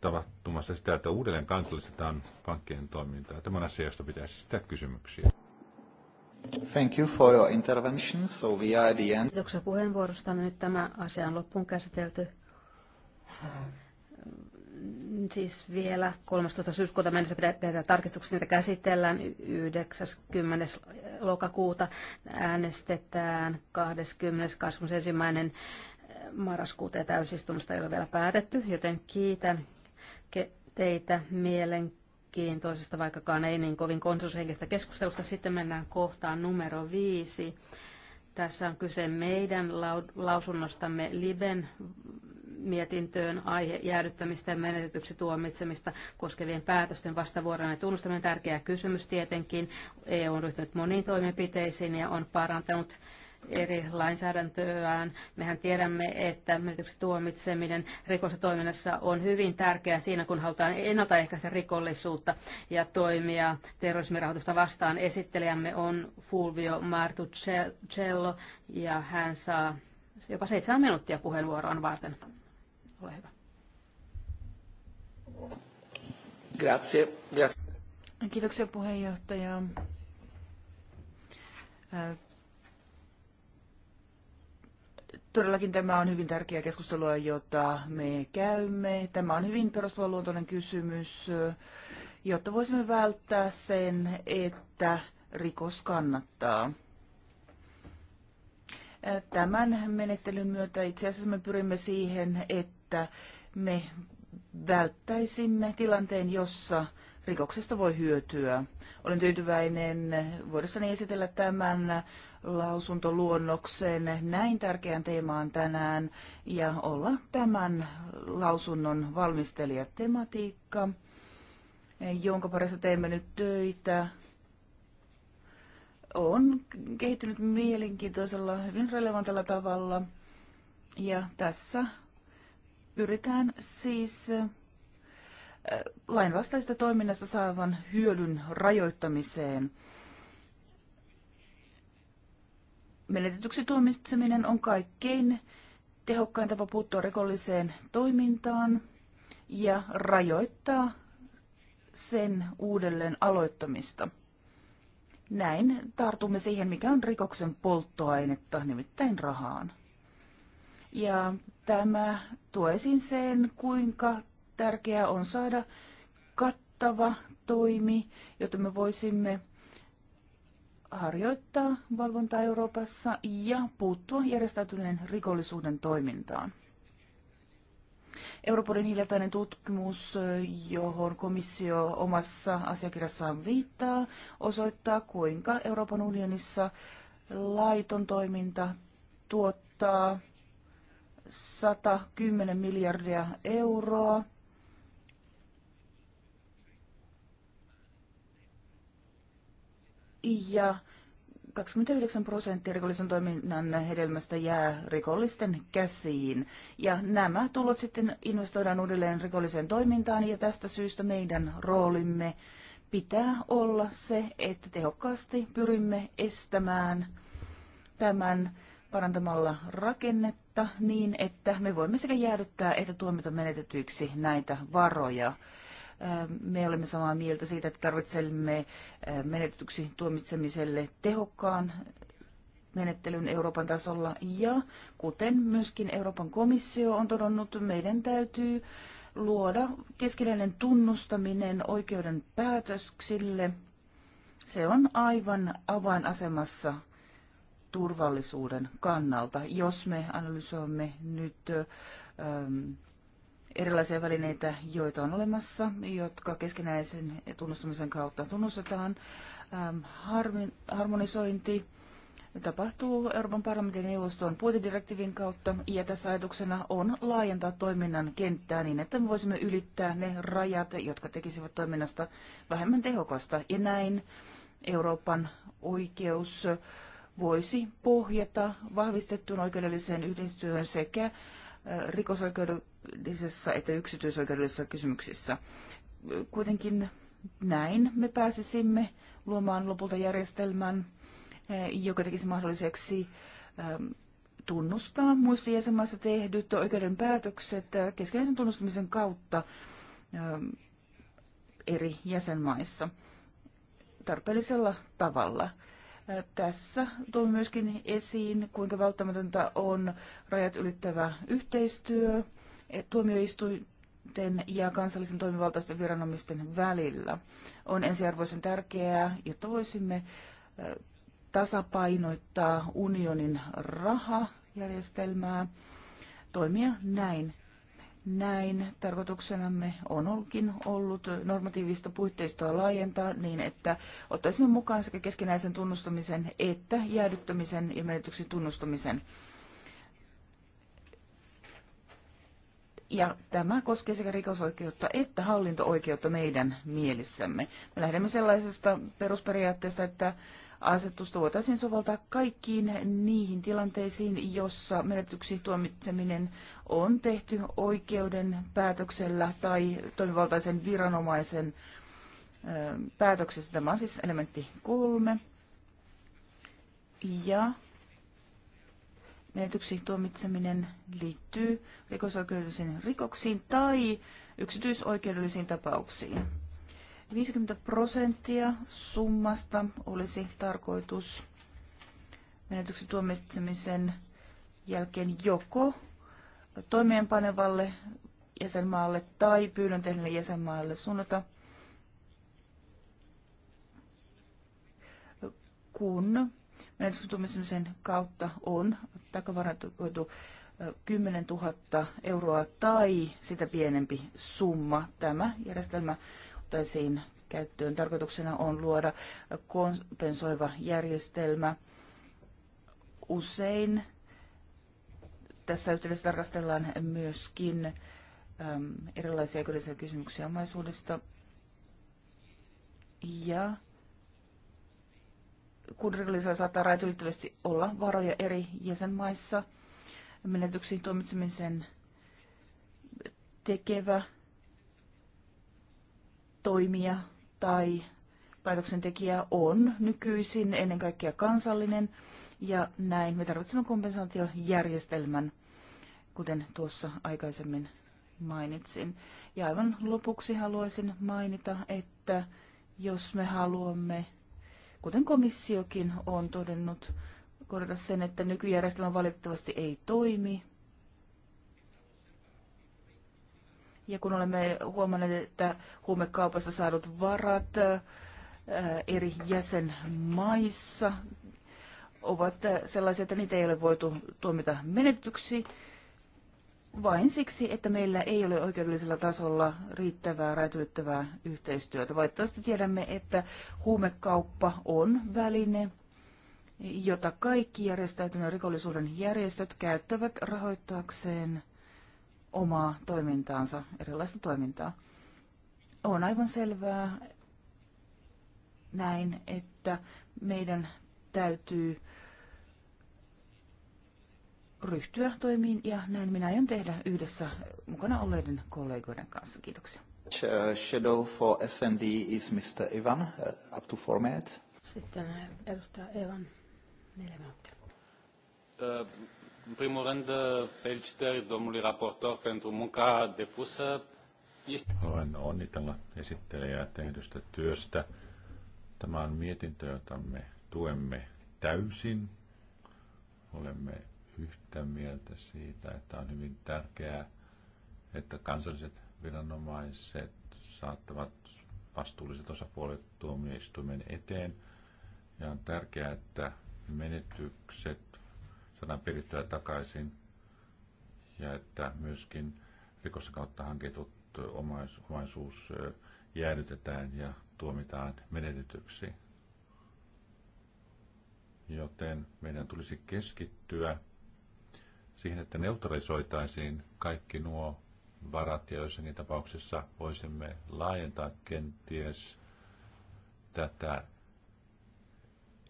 tapahtumassa sitä, että uudelleen kansallistetaan pankkien toimintaa. Tämä on asia, josta pitäisi sitä kysymyksiä. Thank you for your intervention. So we are at the end. Kiitoksia puheenvuorosta. Nyt tämä asia on loppuun käsitelty. Siis vielä 13. syyskuuta mennessä pitää tarkistuksia, niitä käsitellään 90. lokakuuta. Äänestetään 20. 21. marraskuuta ja täysistunnosta ei ole vielä päätetty, joten kiitän teitä mielenkiintoista toisesta, vaikkakaan ei niin kovin konsensushenkistä keskustelusta. Sitten mennään kohtaan numero viisi. Tässä on kyse meidän lausunnostamme Liben mietintöön aihe jäädyttämistä ja menetetyksi tuomitsemista koskevien päätösten vastavuoroinen tunnustaminen tärkeä kysymys tietenkin. EU on ryhtynyt moniin toimenpiteisiin ja on parantanut eri lainsäädäntöään. Mehän tiedämme, että menetyksen tuomitseminen rikostoiminnassa on hyvin tärkeää siinä, kun halutaan ennaltaehkäistä rikollisuutta ja toimia terrorismirahoitusta vastaan. Esittelijämme on Fulvio Martuccello ja hän saa jopa seitsemän minuuttia puheenvuoroon varten. Ole hyvä. Grazie. Grazie. Kiitoksia puheenjohtaja. Todellakin tämä on hyvin tärkeä keskustelua, jota me käymme. Tämä on hyvin luontoinen kysymys, jotta voisimme välttää sen, että rikos kannattaa. Tämän menettelyn myötä itse asiassa me pyrimme siihen, että me välttäisimme tilanteen, jossa rikoksesta voi hyötyä. Olen tyytyväinen voidessani esitellä tämän lausuntoluonnoksen näin tärkeään teemaan tänään ja olla tämän lausunnon valmistelijatematiikka, jonka parissa teemme nyt töitä, on kehittynyt mielenkiintoisella, hyvin relevantilla tavalla. Ja tässä pyritään siis lainvastaisesta toiminnasta saavan hyödyn rajoittamiseen. menetetyksi tuomitseminen on kaikkein tehokkain tapa puuttua rikolliseen toimintaan ja rajoittaa sen uudelleen aloittamista. Näin tartumme siihen, mikä on rikoksen polttoainetta, nimittäin rahaan. Ja tämä tuo esiin sen, kuinka tärkeää on saada kattava toimi, jotta me voisimme harjoittaa valvontaa Euroopassa ja puuttua järjestäytyneen rikollisuuden toimintaan. Europolin hiljattainen tutkimus, johon komissio omassa asiakirjassaan viittaa, osoittaa, kuinka Euroopan unionissa laiton toiminta tuottaa 110 miljardia euroa – ja 29 prosenttia rikollisen toiminnan hedelmästä jää rikollisten käsiin. Ja nämä tulot sitten investoidaan uudelleen rikolliseen toimintaan ja tästä syystä meidän roolimme pitää olla se, että tehokkaasti pyrimme estämään tämän parantamalla rakennetta niin, että me voimme sekä jäädyttää että tuomita menetetyiksi näitä varoja. Me olemme samaa mieltä siitä, että tarvitsemme menetetyksi tuomitsemiselle tehokkaan menettelyn Euroopan tasolla. Ja kuten myöskin Euroopan komissio on todennut, meidän täytyy luoda keskinäinen tunnustaminen oikeuden päätöksille. Se on aivan avainasemassa turvallisuuden kannalta, jos me analysoimme nyt ähm, erilaisia välineitä, joita on olemassa, jotka keskinäisen tunnustamisen kautta tunnustetaan. Ähm, Harmi, harmonisointi tapahtuu Euroopan parlamentin neuvoston puitedirektiivin kautta, ja tässä ajatuksena on laajentaa toiminnan kenttää niin, että me voisimme ylittää ne rajat, jotka tekisivät toiminnasta vähemmän tehokasta, ja näin Euroopan oikeus voisi pohjata vahvistettuun oikeudelliseen yhteistyöhön sekä rikosoikeudellisessa että yksityisoikeudellisessa kysymyksissä. Kuitenkin näin me pääsisimme luomaan lopulta järjestelmän, eh, joka tekisi mahdolliseksi eh, tunnustaa muissa jäsenmaissa tehdyt oikeuden päätökset eh, keskeisen tunnustamisen kautta eri jäsenmaissa tarpeellisella tavalla. Tässä tuli myöskin esiin, kuinka välttämätöntä on rajat ylittävä yhteistyö e, tuomioistuinten ja kansallisen toimivaltaisten viranomisten välillä. On ensiarvoisen tärkeää, jotta voisimme e, tasapainoittaa unionin rahajärjestelmää, toimia näin näin tarkoituksenamme on ollutkin ollut normatiivista puitteistoa laajentaa niin, että ottaisimme mukaan sekä keskinäisen tunnustamisen että jäädyttämisen ja menetyksen tunnustamisen. Ja tämä koskee sekä rikosoikeutta että hallinto-oikeutta meidän mielissämme. Me lähdemme sellaisesta perusperiaatteesta, että asetusta voitaisiin soveltaa kaikkiin niihin tilanteisiin, jossa menetyksi tuomitseminen on tehty oikeuden päätöksellä tai toimivaltaisen viranomaisen päätöksessä. Tämä on siis elementti kolme. Ja menetyksi tuomitseminen liittyy rikosoikeudellisiin rikoksiin tai yksityisoikeudellisiin tapauksiin. 50 prosenttia summasta olisi tarkoitus menetyksen tuomitsemisen jälkeen joko toimeenpanevalle jäsenmaalle tai pyynnön tehneelle jäsenmaalle suunnata, kun menetyksen tuomitsemisen kautta on takavarantoitu 10 000 euroa tai sitä pienempi summa. Tämä järjestelmä otettaisiin käyttöön. Tarkoituksena on luoda kompensoiva järjestelmä. Usein tässä yhteydessä tarkastellaan myöskin ähm, erilaisia kyllisiä kysymyksiä omaisuudesta. Ja kun rikollisella saattaa rajat ylittävästi olla varoja eri jäsenmaissa, menetyksiin tuomitsemisen tekevä toimija tai päätöksentekijä on nykyisin ennen kaikkea kansallinen ja näin me tarvitsemme kompensaatiojärjestelmän, kuten tuossa aikaisemmin mainitsin. Ja aivan lopuksi haluaisin mainita, että jos me haluamme, kuten komissiokin on todennut, korjata sen, että nykyjärjestelmä valitettavasti ei toimi, Ja kun olemme huomanneet, että huumekaupasta saadut varat äh, eri jäsenmaissa ovat äh, sellaisia, että niitä ei ole voitu tuomita menetyksi vain siksi, että meillä ei ole oikeudellisella tasolla riittävää räätyyttävää yhteistyötä. Valitettavasti tiedämme, että huumekauppa on väline, jota kaikki järjestäytyneen rikollisuuden järjestöt käyttävät rahoittaakseen – omaa toimintaansa, erilaista toimintaa. On aivan selvää näin, että meidän täytyy ryhtyä toimiin ja näin minä aion tehdä yhdessä mukana olleiden kollegoiden kanssa. Kiitoksia. Shadow for SND is Mr. Ivan, uh, up to four minutes. Sitten uh, edustaja Evan, neljä minuuttia. Uh, În primul rând, felicitări domnului raportor pentru munca depusă. Olen onnitella esittelejää tehdystä työstä. Tämä on mietintö, jota me tuemme täysin. Olemme yhtä mieltä siitä, että on hyvin tärkeää, että kansalliset viranomaiset saattavat vastuulliset osapuolet tuomioistuimen eteen. Ja on tärkeää, että menetykset saadaan perittyä takaisin ja että myöskin rikossa kautta hankitut omais, omaisuus jäädytetään ja tuomitaan menetetyksi. Joten meidän tulisi keskittyä siihen, että neutralisoitaisiin kaikki nuo varat ja joissakin tapauksissa voisimme laajentaa kenties tätä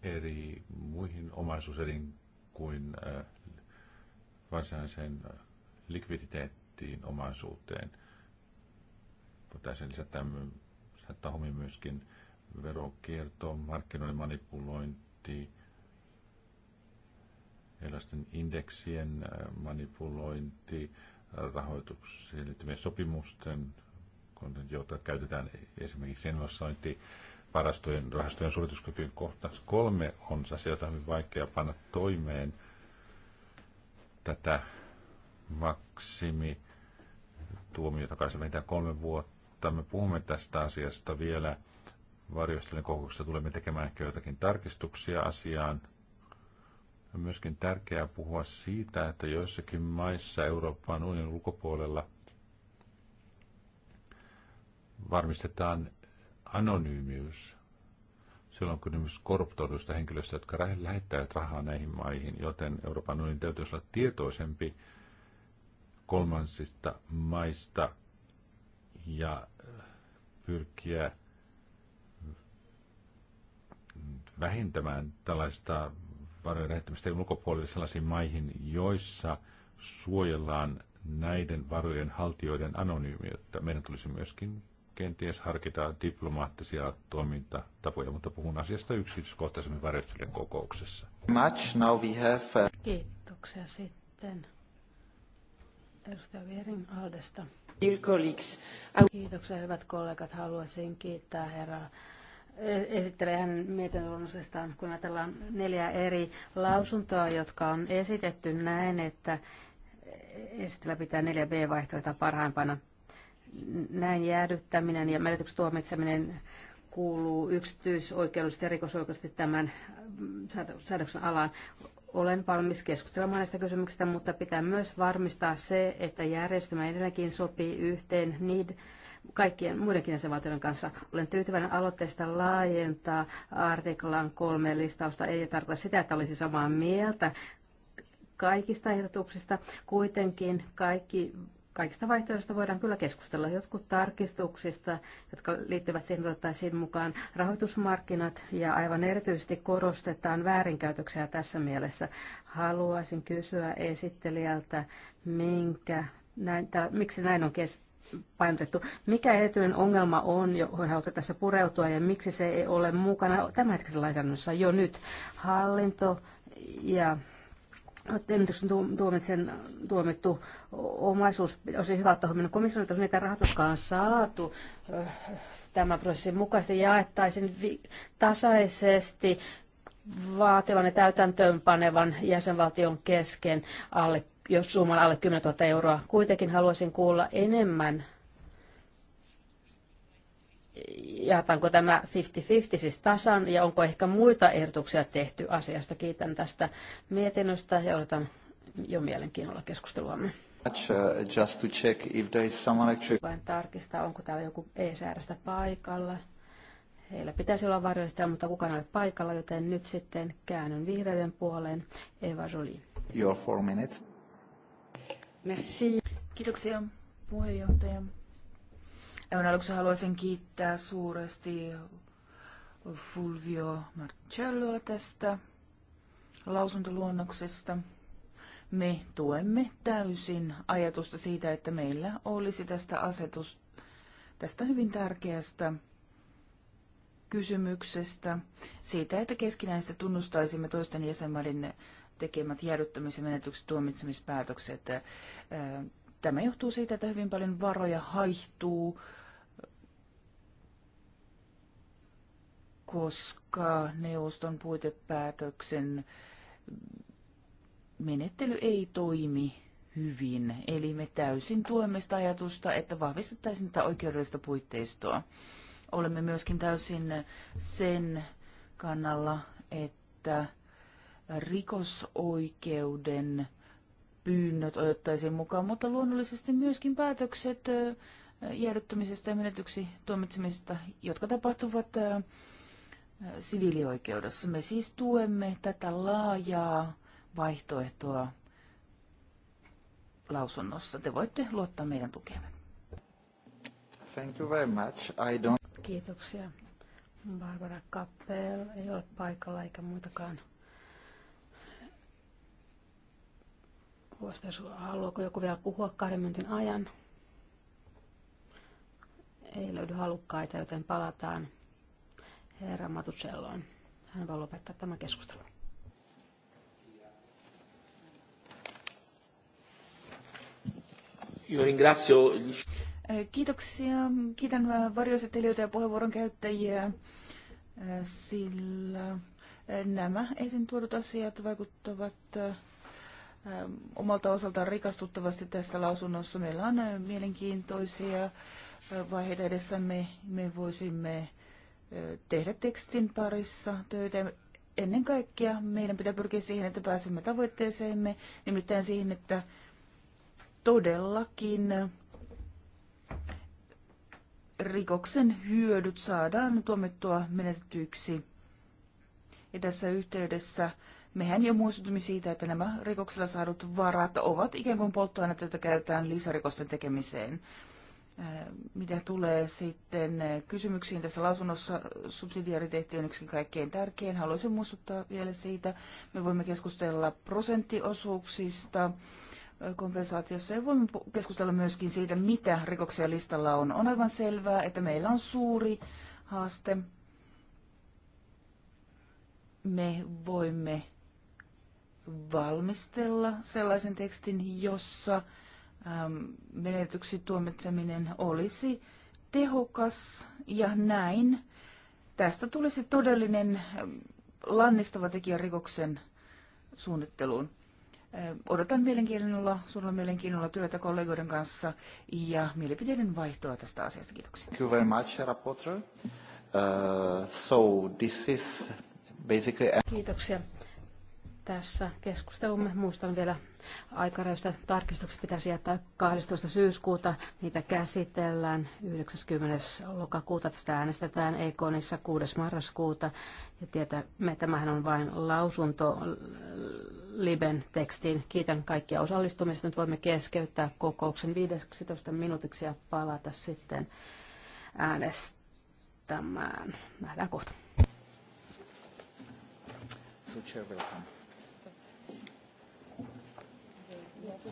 eri muihin omaisuuselin kuin äh, varsinaiseen äh, likviditeettiin omaisuuteen. Voitaisiin lisätä, lisätä myöskin verokierto, markkinoiden manipulointi, erilaisten indeksien äh, manipulointi, rahoitukseen liittyvien sopimusten, joita käytetään esimerkiksi investointi varastojen rahastojen suorituskykyyn kohta kolme on asia, jota on vaikea panna toimeen tätä maksimi tuomiota kanssa vähintään kolme vuotta. Me puhumme tästä asiasta vielä varjostelun kokouksessa. Tulemme tekemään ehkä joitakin tarkistuksia asiaan. On myöskin tärkeää puhua siitä, että joissakin maissa Euroopan unionin ulkopuolella varmistetaan anonyymius silloin kun myös korruptoiduista henkilöistä, jotka lähettävät rahaa näihin maihin, joten Euroopan unionin täytyisi olla tietoisempi kolmansista maista ja äh, pyrkiä äh, vähentämään tällaista varojen lähettämistä ulkopuolelle sellaisiin maihin, joissa suojellaan näiden varojen haltijoiden anonyymiyttä. Meidän tulisi myöskin kenties harkitaan diplomaattisia toimintatapoja, mutta puhun asiasta yksityiskohtaisemmin varjostelijan kokouksessa. Much. Now we have, uh, Kiitoksia sitten edustaja Viering Aldesta. Dear colleagues, Kiitoksia hyvät kollegat. Haluaisin kiittää herraa e, esittelee hän mietinnön kun ajatellaan neljä eri lausuntoa, jotka on esitetty näin, että e, esitellä pitää neljä B-vaihtoehtoa parhaimpana näin jäädyttäminen ja menetyksen tuomitseminen kuuluu yksityisoikeudellisesti ja rikosoikeudellisesti tämän säädöksen alaan. Olen valmis keskustelemaan näistä kysymyksistä, mutta pitää myös varmistaa se, että järjestelmä edelleenkin sopii yhteen niiden kaikkien muidenkin jäsenvaltioiden kanssa. Olen tyytyväinen aloitteesta laajentaa artiklan kolme listausta. Ei tarkoita sitä, että olisi samaa mieltä kaikista ehdotuksista. Kuitenkin kaikki kaikista vaihtoehdoista voidaan kyllä keskustella. Jotkut tarkistuksista, jotka liittyvät siihen, ottaisiin mukaan rahoitusmarkkinat ja aivan erityisesti korostetaan väärinkäytöksiä tässä mielessä. Haluaisin kysyä esittelijältä, minkä, näin, tää, miksi näin on kes, painotettu. Mikä erityinen ongelma on, johon haluatte tässä pureutua ja miksi se ei ole mukana tämänhetkisessä lainsäädännössä jo nyt? Hallinto ja Temityksen tuomitsen tuomittu omaisuus olisi hyvä, että on komissiolle, että niitä rahat, on saatu äh, tämän prosessin mukaisesti, jaettaisiin tasaisesti vaativan ja täytäntöönpanevan jäsenvaltion kesken alle, jos summan alle 10 000 euroa. Kuitenkin haluaisin kuulla enemmän jaetaanko tämä 50-50 siis tasan ja onko ehkä muita ehdotuksia tehty asiasta. Kiitän tästä mietinnöstä ja odotan jo mielenkiinnolla keskusteluamme. Uh, Vain tarkistaa, onko täällä joku ESRstä paikalla. Heillä pitäisi olla varjoista, mutta kukaan ei ole paikalla, joten nyt sitten käännyn vihreiden puoleen. Eva Jolie. Your four minutes. Merci. Kiitoksia puheenjohtaja. Aivan aluksi haluaisin kiittää suuresti Fulvio Marcelloa tästä lausuntoluonnoksesta. Me tuemme täysin ajatusta siitä, että meillä olisi tästä asetus tästä hyvin tärkeästä kysymyksestä, siitä, että keskinäistä tunnustaisimme toisten jäsenmaiden tekemät jäädyttämis- ja menetykset tuomitsemispäätökset. Tämä johtuu siitä, että hyvin paljon varoja haihtuu koska neuvoston puitepäätöksen menettely ei toimi hyvin. Eli me täysin tuemme sitä ajatusta, että vahvistettaisiin tätä oikeudellista puitteistoa. Olemme myöskin täysin sen kannalla, että rikosoikeuden pyynnöt otettaisiin mukaan, mutta luonnollisesti myöskin päätökset jäädyttämisestä ja menetyksi tuomitsemisesta, jotka tapahtuvat siviilioikeudessa. Me siis tuemme tätä laajaa vaihtoehtoa lausunnossa. Te voitte luottaa meidän tukeemme. Thank you very much. I don't... Kiitoksia. Barbara Kappel ei ole paikalla eikä muitakaan. Vastaus, haluaako joku vielä puhua kahden minuutin ajan? Ei löydy halukkaita, joten palataan herra Matucelloon. Hän voi lopettaa tämän keskustelun. Kiitoksia. Kiitän varjoisettelijoita ja puheenvuoron käyttäjiä, eh, sillä eh, nämä esiin tuodut asiat vaikuttavat eh, omalta osaltaan rikastuttavasti tässä lausunnossa. Meillä on mielenkiintoisia vaiheita edessämme. Me voisimme tehdä tekstin parissa töitä. Ennen kaikkea meidän pitää pyrkiä siihen, että pääsemme tavoitteeseemme, nimittäin siihen, että todellakin rikoksen hyödyt saadaan tuomittua menetetyiksi. Ja tässä yhteydessä mehän jo muistutimme siitä, että nämä rikoksella saadut varat ovat ikään kuin polttoainetta, joita käytetään lisärikosten tekemiseen. Mitä tulee sitten kysymyksiin tässä lausunnossa, subsidiariteetti on yksi kaikkein tärkein. Haluaisin muistuttaa vielä siitä, me voimme keskustella prosenttiosuuksista kompensaatiossa ja voimme keskustella myöskin siitä, mitä rikoksia listalla on. On aivan selvää, että meillä on suuri haaste. Me voimme valmistella sellaisen tekstin, jossa Ähm, menetyksi tuomitseminen olisi tehokas ja näin. Tästä tulisi todellinen ähm, lannistava tekijä rikoksen suunnitteluun. Äh, odotan mielenkiinnolla, sulla mielenkiinnolla työtä kollegoiden kanssa ja mielipiteiden vaihtoa tästä asiasta. Kiitoksia. Thank you very much, rapporteur. Uh, so this is basically... Kiitoksia tässä keskustelumme. Muistan vielä aikarajoista tarkistukset pitäisi jättää 12. syyskuuta. Niitä käsitellään 90. lokakuuta. Tästä äänestetään Ekonissa 6. marraskuuta. Ja tietämme, tämähän on vain lausunto Liben tekstiin. Kiitän kaikkia osallistumista. Nyt voimme keskeyttää kokouksen 15 minuutiksi ja palata sitten äänestämään. Nähdään kohta. So chair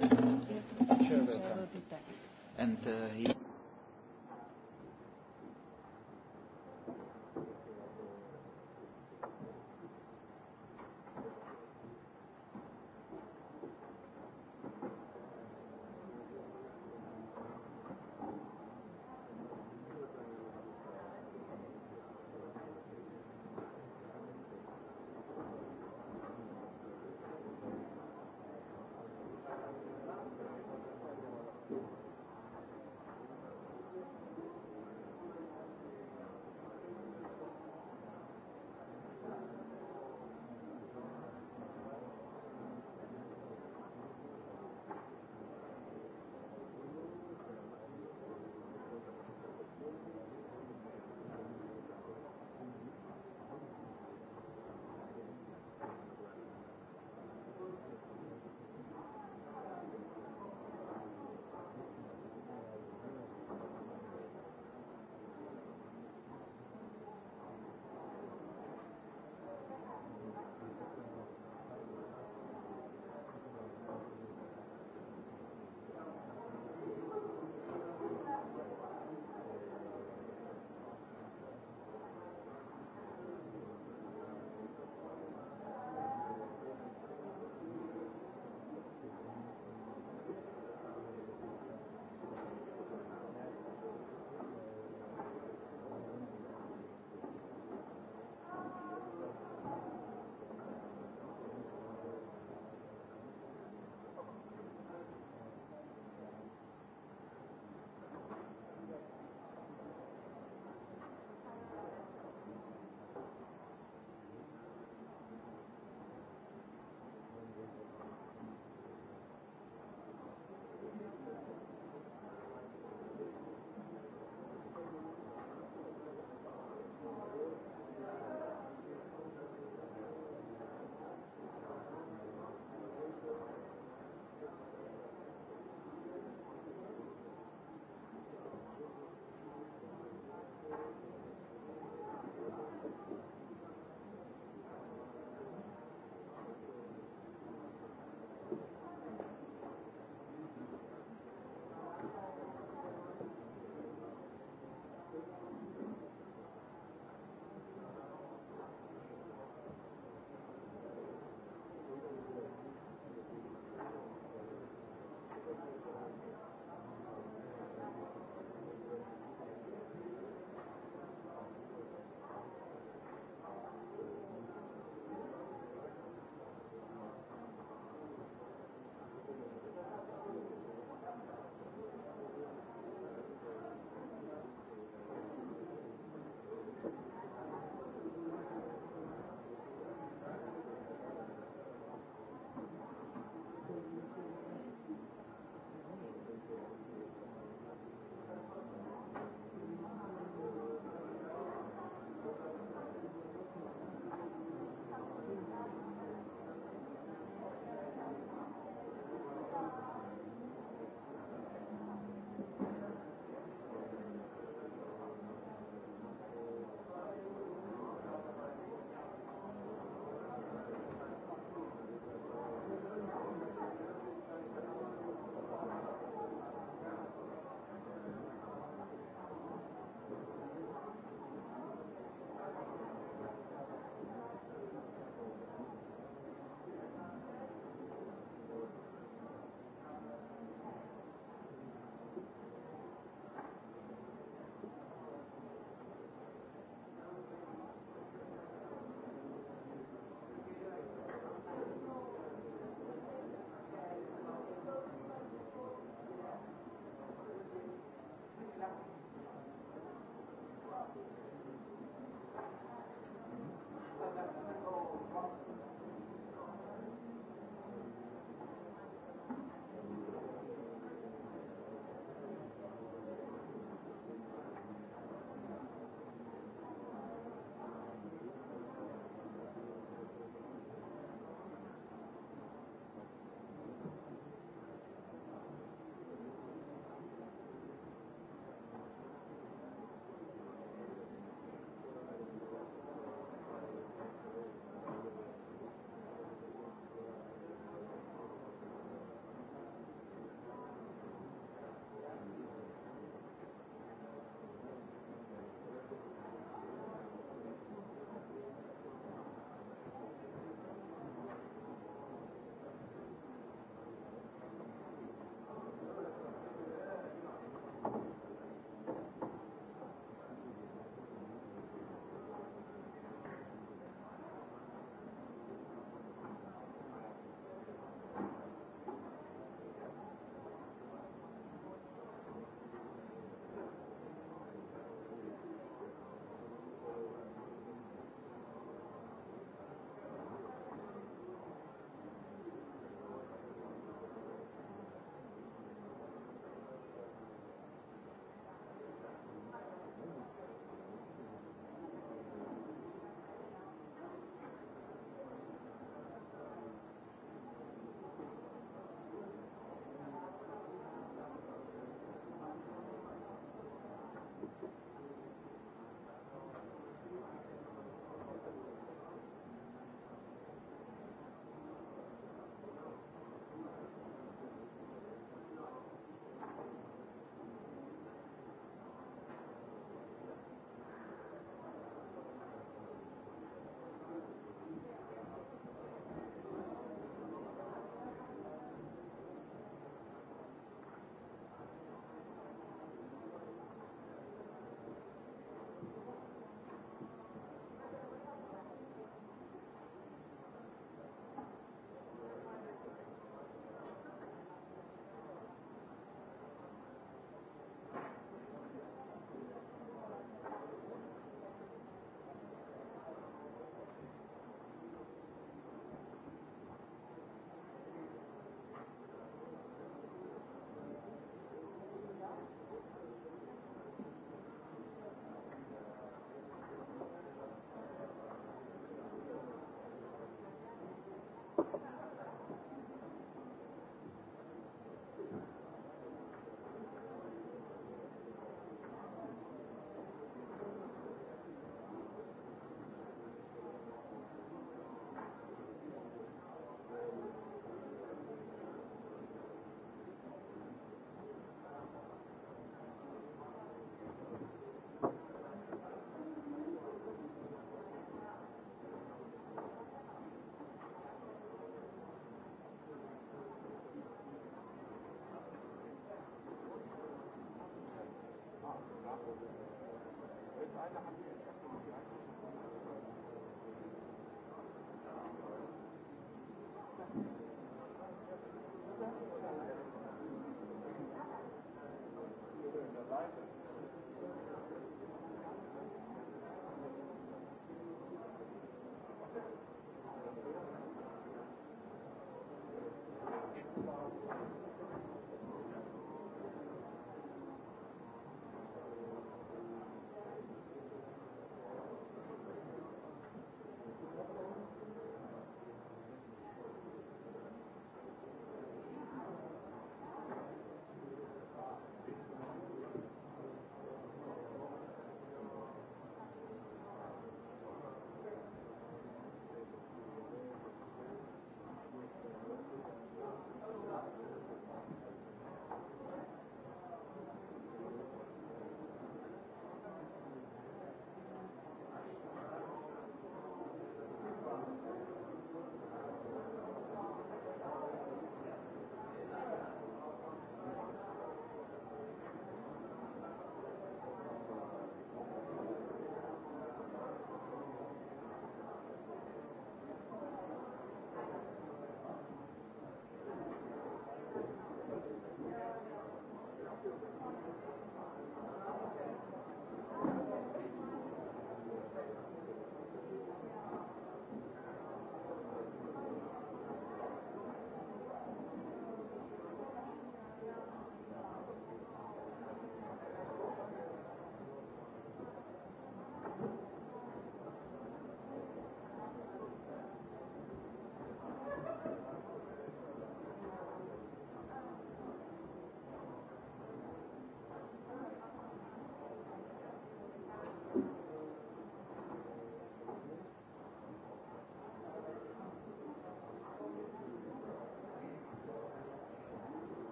Chair, And uh, he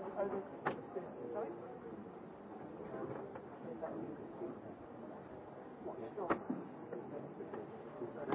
Sorry?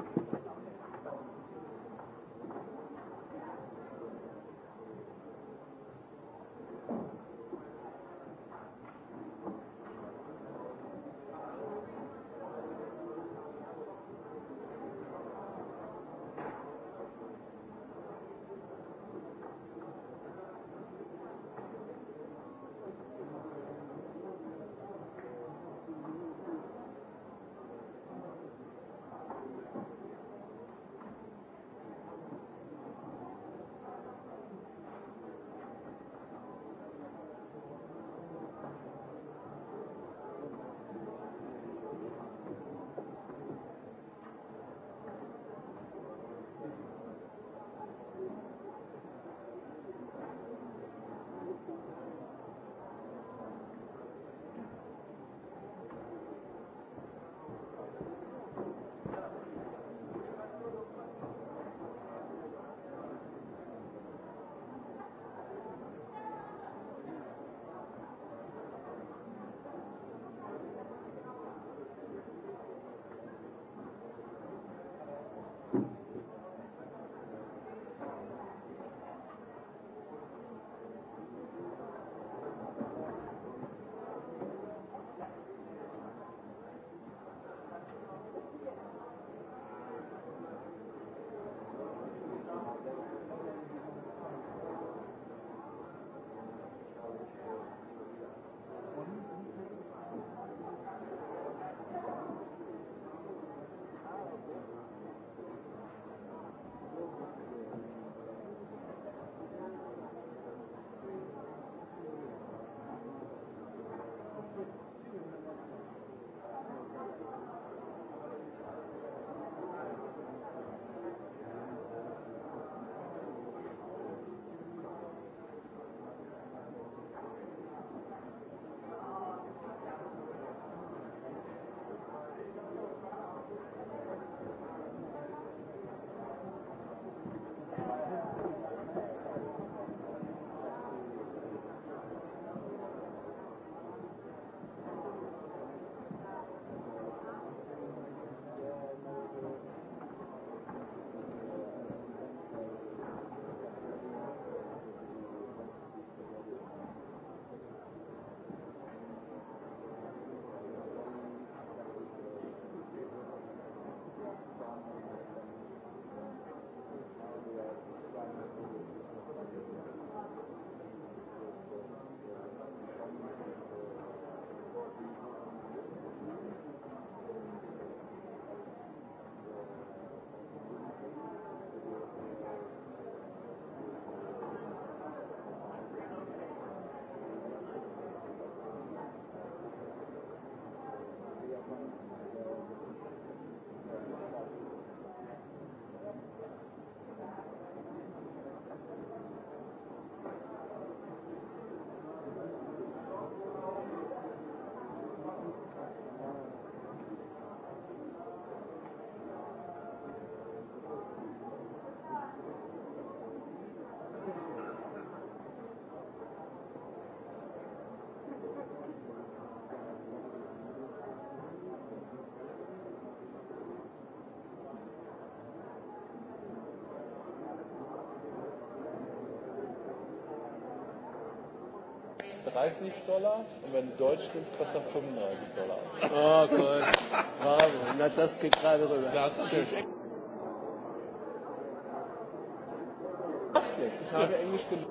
30 Dollar und wenn du Deutsch nimmst, kostet er 35 Dollar. Oh Gott, bravo. Na, das geht gerade rüber. Das ist echt. Ich habe Englisch gelernt.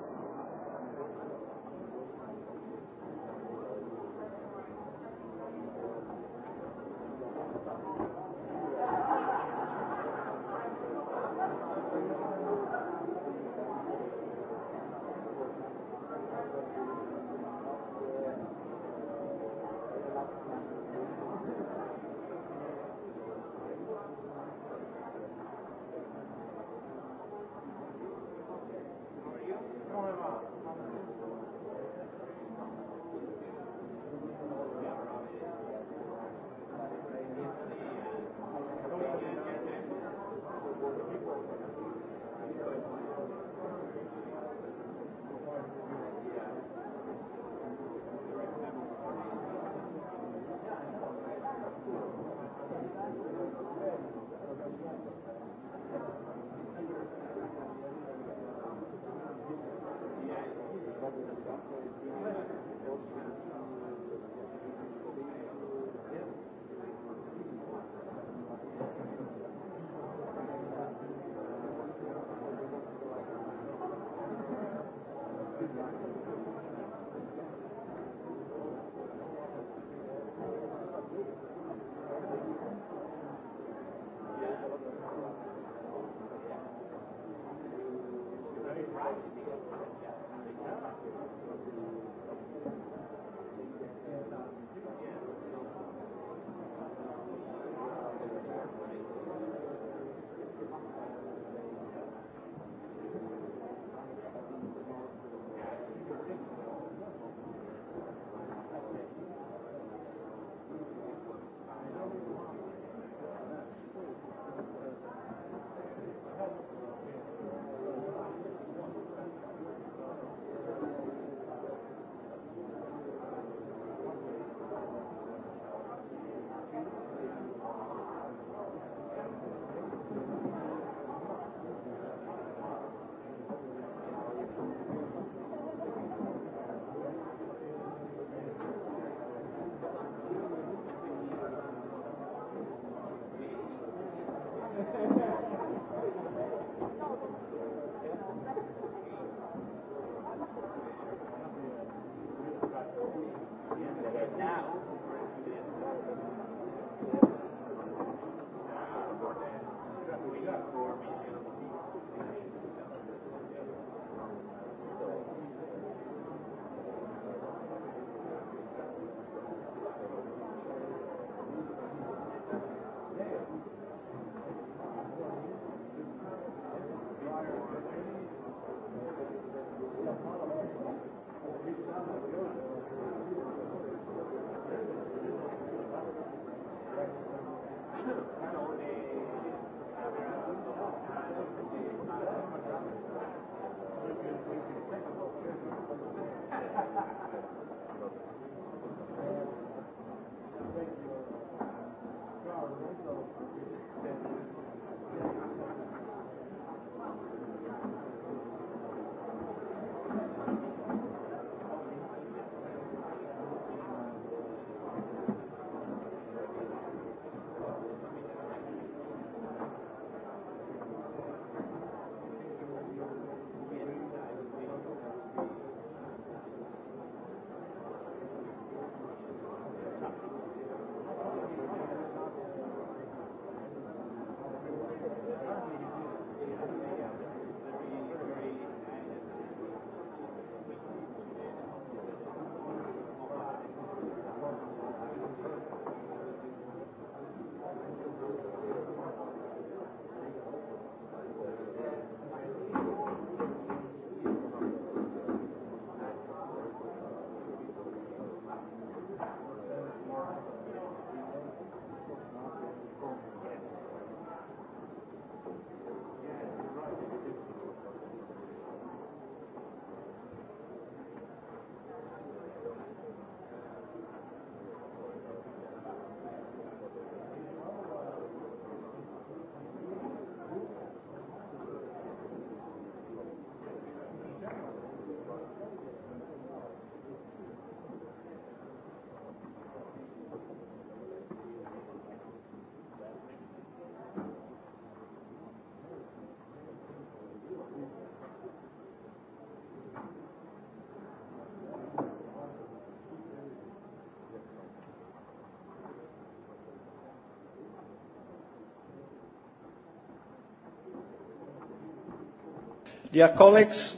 Dear colleagues,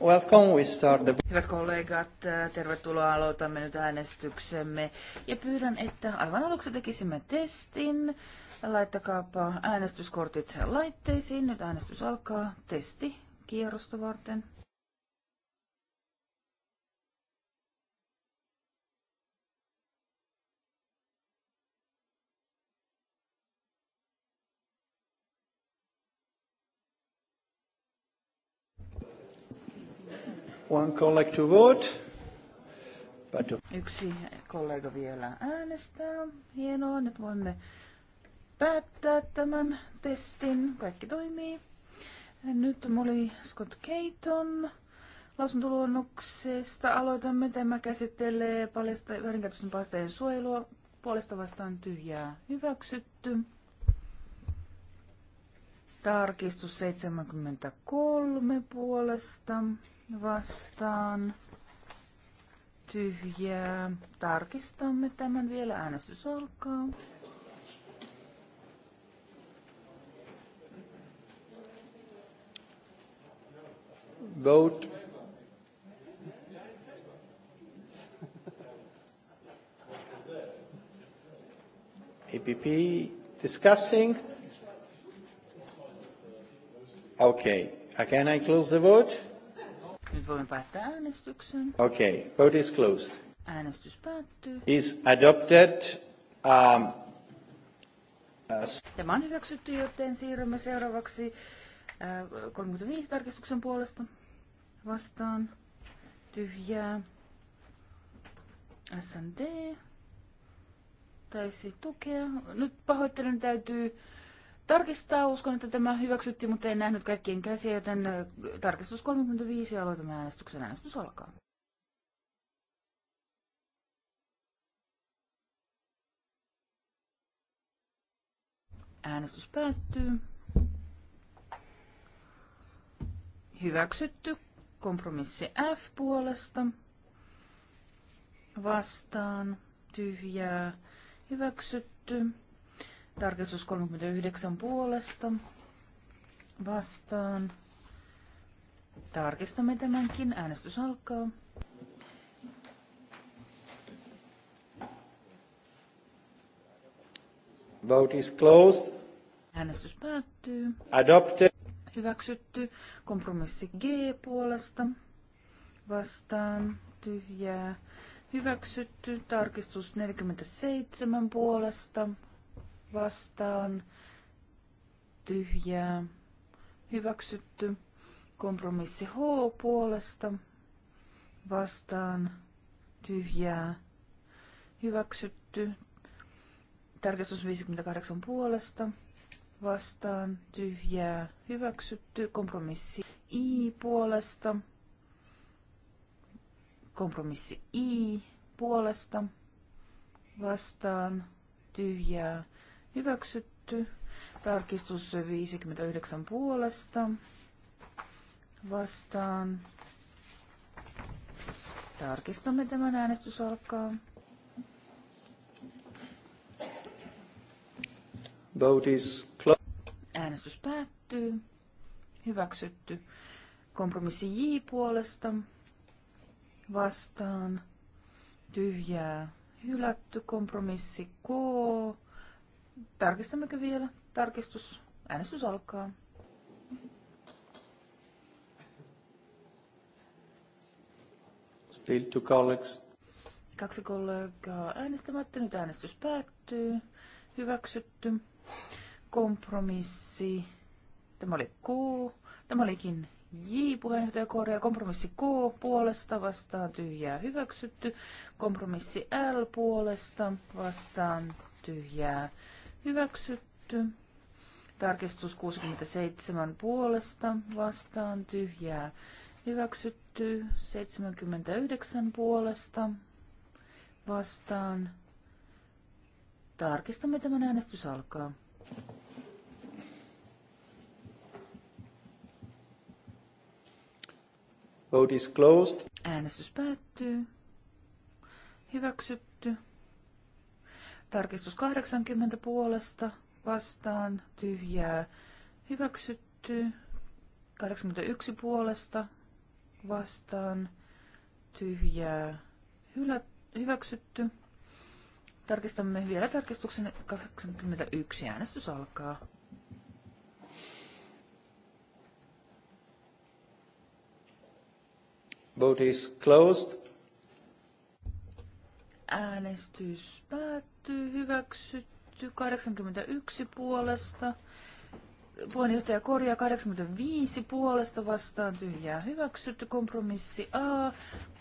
welcome. We start the... Hyvät kollegat, tervetuloa. Aloitamme nyt äänestyksemme. Ja pyydän, että aivan aluksi tekisimme testin. Laittakaapa äänestyskortit laitteisiin. Nyt äänestys alkaa testi kierrosta varten. One to vote. But... Yksi kollega vielä äänestää. Hienoa, nyt voimme päättää tämän testin. Kaikki toimii. Nyt oli Scott Caton lausuntoluonnoksesta. Aloitamme. Tämä käsittelee paljasta, väärinkäytösten paljastajien suojelua. Puolesta vastaan tyhjää hyväksytty. Tarkistus 73 puolesta vastaan tyhjää. Tarkistamme tämän vielä. Äänestys alkaa. Vote. APP discussing. Okay. Can I close the vote? Nyt voimme päättää äänestyksen. okay. vote is closed. Äänestys päättyy. Is adopted. Um, as... Tämä on hyväksytty, joten siirrymme seuraavaksi uh, äh, 35 tarkistuksen puolesta vastaan. Tyhjää. SND taisi tukea. Nyt pahoittelen täytyy tarkistaa. Uskon, että tämä hyväksyttiin, mutta en nähnyt kaikkien käsiä, joten tarkistus 35 aloitamme äänestyksen. Äänestys alkaa. Äänestys päättyy. Hyväksytty. Kompromissi F puolesta. Vastaan. Tyhjää. Hyväksytty. Tarkistus 39 puolesta vastaan. Tarkistamme tämänkin. Äänestys alkaa. Vote is closed. Äänestys päättyy. Adopted. Hyväksytty. Kompromissi G puolesta. Vastaan. Tyhjää. Hyväksytty. Tarkistus 47 puolesta vastaan tyhjää hyväksytty. Kompromissi H puolesta vastaan tyhjää hyväksytty. Tarkistus 58 puolesta vastaan tyhjää hyväksytty. Kompromissi I puolesta. Kompromissi I puolesta vastaan tyhjää Hyväksytty. Tarkistus 59 puolesta. Vastaan. Tarkistamme tämän äänestys alkaa. Vote is Äänestys päättyy. Hyväksytty. Kompromissi J puolesta. Vastaan. Tyhjää. Hylätty. Kompromissi K Tarkistammekö vielä? Tarkistus. Äänestys alkaa. Still two colleagues. Kaksi kollegaa äänestämättä. Nyt äänestys päättyy. Hyväksytty. Kompromissi. Tämä oli Q. Tämä olikin J puheenjohtajakorja, kompromissi K puolesta vastaan tyhjää hyväksytty, kompromissi L puolesta vastaan tyhjää Hyväksytty. Tarkistus 67 puolesta vastaan tyhjää. Hyväksytty 79 puolesta vastaan. Tarkistamme tämän äänestys alkaa. Vote is closed. Äänestys päättyy. Hyväksytty Tarkistus 80 puolesta vastaan tyhjää hyväksytty. 81 puolesta vastaan tyhjää hylä, hyväksytty. Tarkistamme vielä tarkistuksen 81. Äänestys alkaa. Vote is closed. Äänestys päättyy. Hyväksytty 81 puolesta. Puheenjohtaja korjaa 85 puolesta vastaan tyhjää hyväksytty. Kompromissi A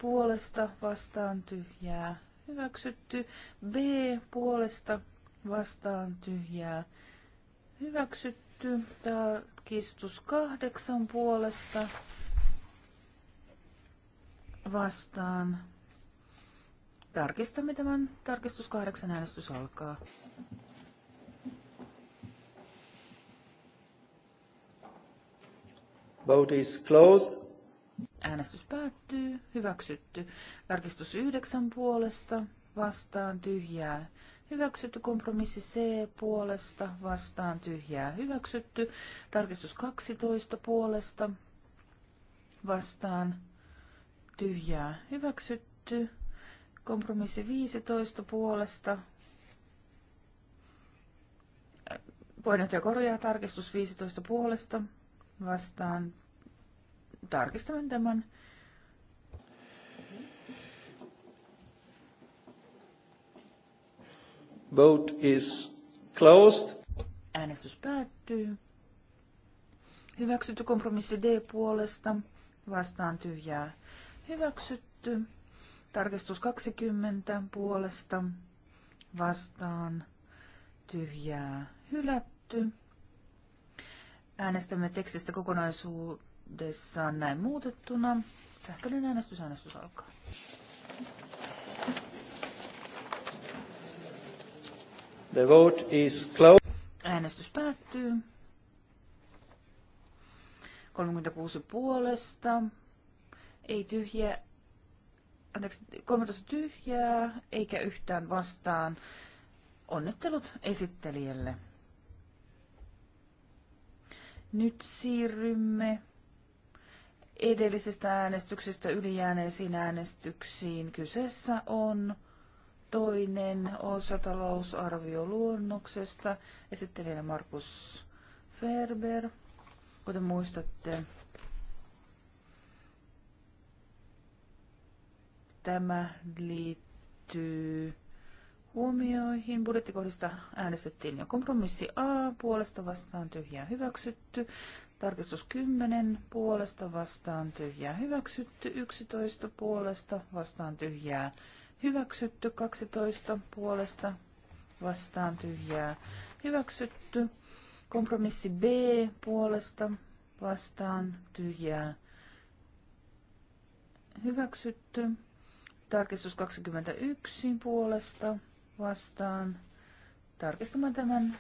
puolesta vastaan tyhjää hyväksytty. B puolesta vastaan tyhjää hyväksytty. Tarkistus kahdeksan puolesta vastaan Tarkistamme tämän. Tarkistus kahdeksan äänestys alkaa. Vote is closed. Äänestys päättyy. Hyväksytty. Tarkistus yhdeksän puolesta. Vastaan tyhjää. Hyväksytty kompromissi C puolesta. Vastaan tyhjää. Hyväksytty. Tarkistus 12 puolesta. Vastaan tyhjää. Hyväksytty. Kompromissi 15 puolesta. ja korjaa tarkistus 15 puolesta. Vastaan tarkistamme tämän. Vote is closed. Äänestys päättyy. Hyväksytty kompromissi D puolesta. Vastaan tyhjää. Hyväksytty. Tarkistus 20 puolesta vastaan tyhjää hylätty. Äänestämme tekstistä kokonaisuudessaan näin muutettuna. Sähköinen äänestys, äänestys alkaa. The vote is closed. Äänestys päättyy. 36 puolesta. Ei tyhjä anteeksi, 13 tyhjää, eikä yhtään vastaan. Onnittelut esittelijälle. Nyt siirrymme edellisestä äänestyksestä ylijääneisiin äänestyksiin. Kyseessä on toinen osa talousarvioluonnoksesta. Esittelijänä Markus Ferber. Kuten muistatte, Tämä liittyy huomioihin. Budjettikohdista äänestettiin jo kompromissi A, puolesta vastaan tyhjää hyväksytty. Tarkistus 10, puolesta vastaan tyhjää hyväksytty. 11, puolesta vastaan tyhjää hyväksytty. 12, puolesta vastaan tyhjää hyväksytty. Kompromissi B, puolesta vastaan tyhjää hyväksytty. Tarkistus 21 puolesta vastaan. Tarkistamaan tämän.